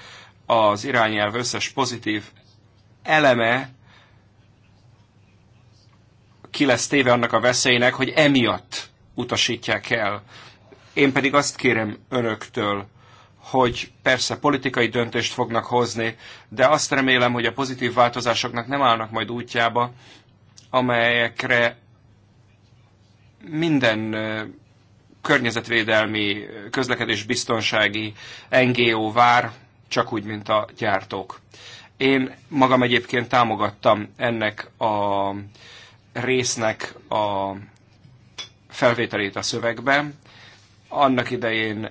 az irányelv összes pozitív eleme ki lesz téve annak a veszélynek, hogy emiatt utasítják el. Én pedig azt kérem önöktől, hogy persze politikai döntést fognak hozni, de azt remélem, hogy a pozitív változásoknak nem állnak majd útjába, amelyekre minden környezetvédelmi, közlekedésbiztonsági NGO vár, csak úgy, mint a gyártók. Én magam egyébként támogattam ennek a résznek a felvételét a szövegben. Annak idején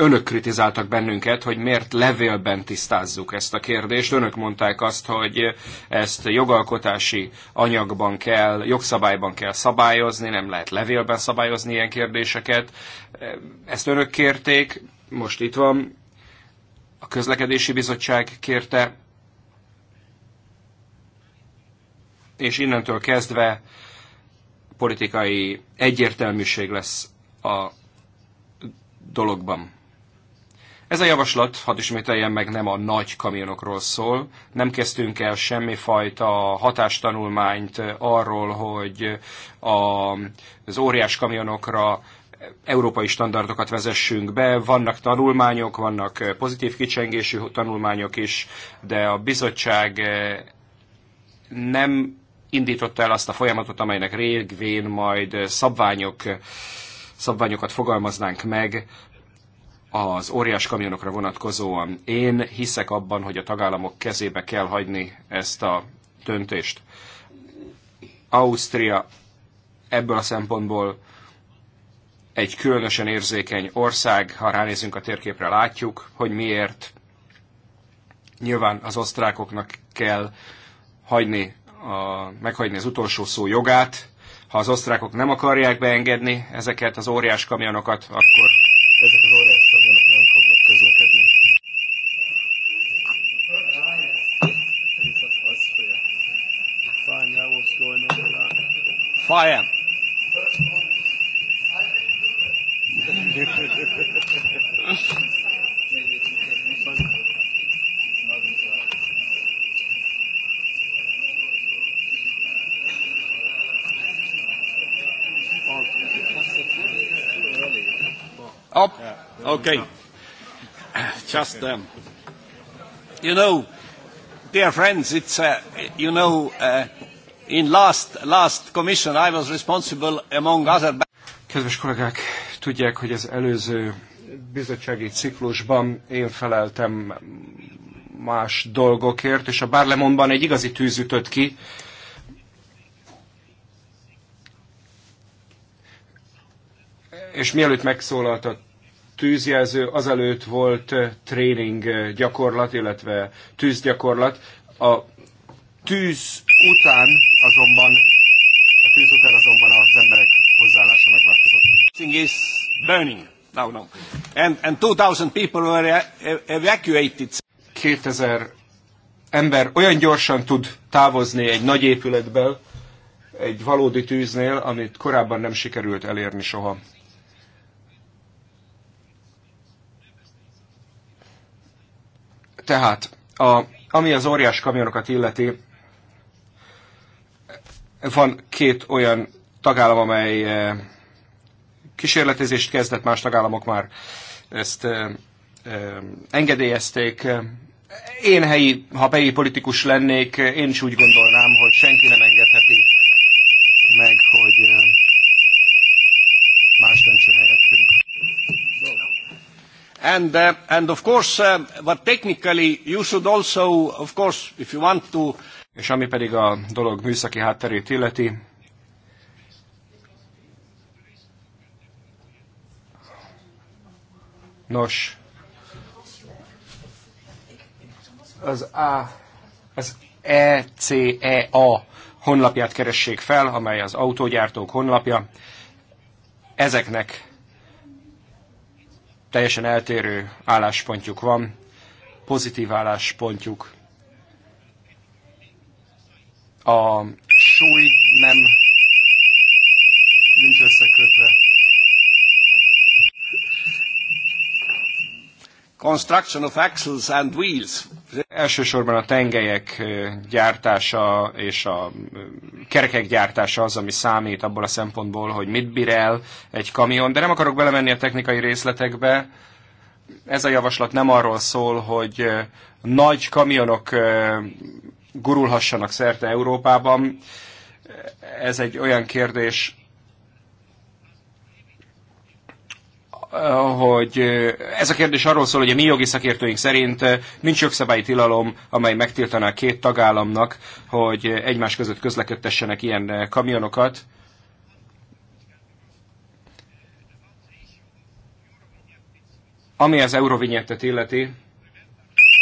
önök kritizáltak bennünket, hogy miért levélben tisztázzuk ezt a kérdést. Önök mondták azt, hogy ezt jogalkotási anyagban kell, jogszabályban kell szabályozni, nem lehet levélben szabályozni ilyen kérdéseket. Ezt önök kérték, most itt van, a közlekedési bizottság kérte, és innentől kezdve politikai egyértelműség lesz a dologban. Ez a javaslat, hadd ismételjem meg, nem a nagy kamionokról szól. Nem kezdtünk el semmifajta hatástanulmányt arról, hogy a, az óriás kamionokra európai standardokat vezessünk be. Vannak tanulmányok, vannak pozitív kicsengésű tanulmányok is, de a bizottság nem indította el azt a folyamatot, amelynek régvén majd szabványok, szabványokat fogalmaznánk meg az óriás kamionokra vonatkozóan. Én hiszek abban, hogy a tagállamok kezébe kell hagyni ezt a döntést. Ausztria ebből a szempontból egy különösen érzékeny ország, ha ránézünk a térképre, látjuk, hogy miért. Nyilván az osztrákoknak kell hagyni a, meghagyni az utolsó szó jogát. Ha az osztrákok nem akarják beengedni ezeket az óriás kamionokat, akkor ezek az fire. Up. Okay. Just, um, you know, dear friends, it's, uh, you know, uh, In last, last commission I was responsible among other... Kedves kollégák, tudják, hogy az előző bizottsági ciklusban én feleltem más dolgokért, és a Barlemonban egy igazi tűz ütött ki. És mielőtt megszólalt a tűzjelző, azelőtt volt tréning gyakorlat, illetve tűzgyakorlat. A tűz után azonban, a tűz után azonban az emberek hozzáállása megváltozott. Thing is burning. No, no. And, and 2000 people were e, e, evacuated. 2000 ember olyan gyorsan tud távozni egy nagy épületből, egy valódi tűznél, amit korábban nem sikerült elérni soha. Tehát, a, ami az óriás kamionokat illeti, van két olyan tagállam, amely eh, kísérletezést kezdett, más tagállamok már ezt eh, eh, engedélyezték. Én helyi, ha helyi politikus lennék, én is úgy gondolnám, hogy senki nem engedheti meg, hogy más döntsön helyettünk. And, uh, and of course, uh, but technically you should also, of course, if you want to és ami pedig a dolog műszaki hátterét illeti, nos, az A, az ECEA honlapját keressék fel, amely az autógyártók honlapja. Ezeknek teljesen eltérő álláspontjuk van, pozitív álláspontjuk a súly nem nincs összekötve. Construction of axles and wheels. Elsősorban a tengelyek gyártása és a kerekek gyártása az, ami számít abból a szempontból, hogy mit bír el egy kamion, de nem akarok belemenni a technikai részletekbe. Ez a javaslat nem arról szól, hogy nagy kamionok gurulhassanak szerte Európában. Ez egy olyan kérdés, hogy ez a kérdés arról szól, hogy a mi jogi szakértőink szerint nincs jogszabályi tilalom, amely megtiltaná a két tagállamnak, hogy egymás között közlekedtessenek ilyen kamionokat. Ami az Eurovinyettet illeti,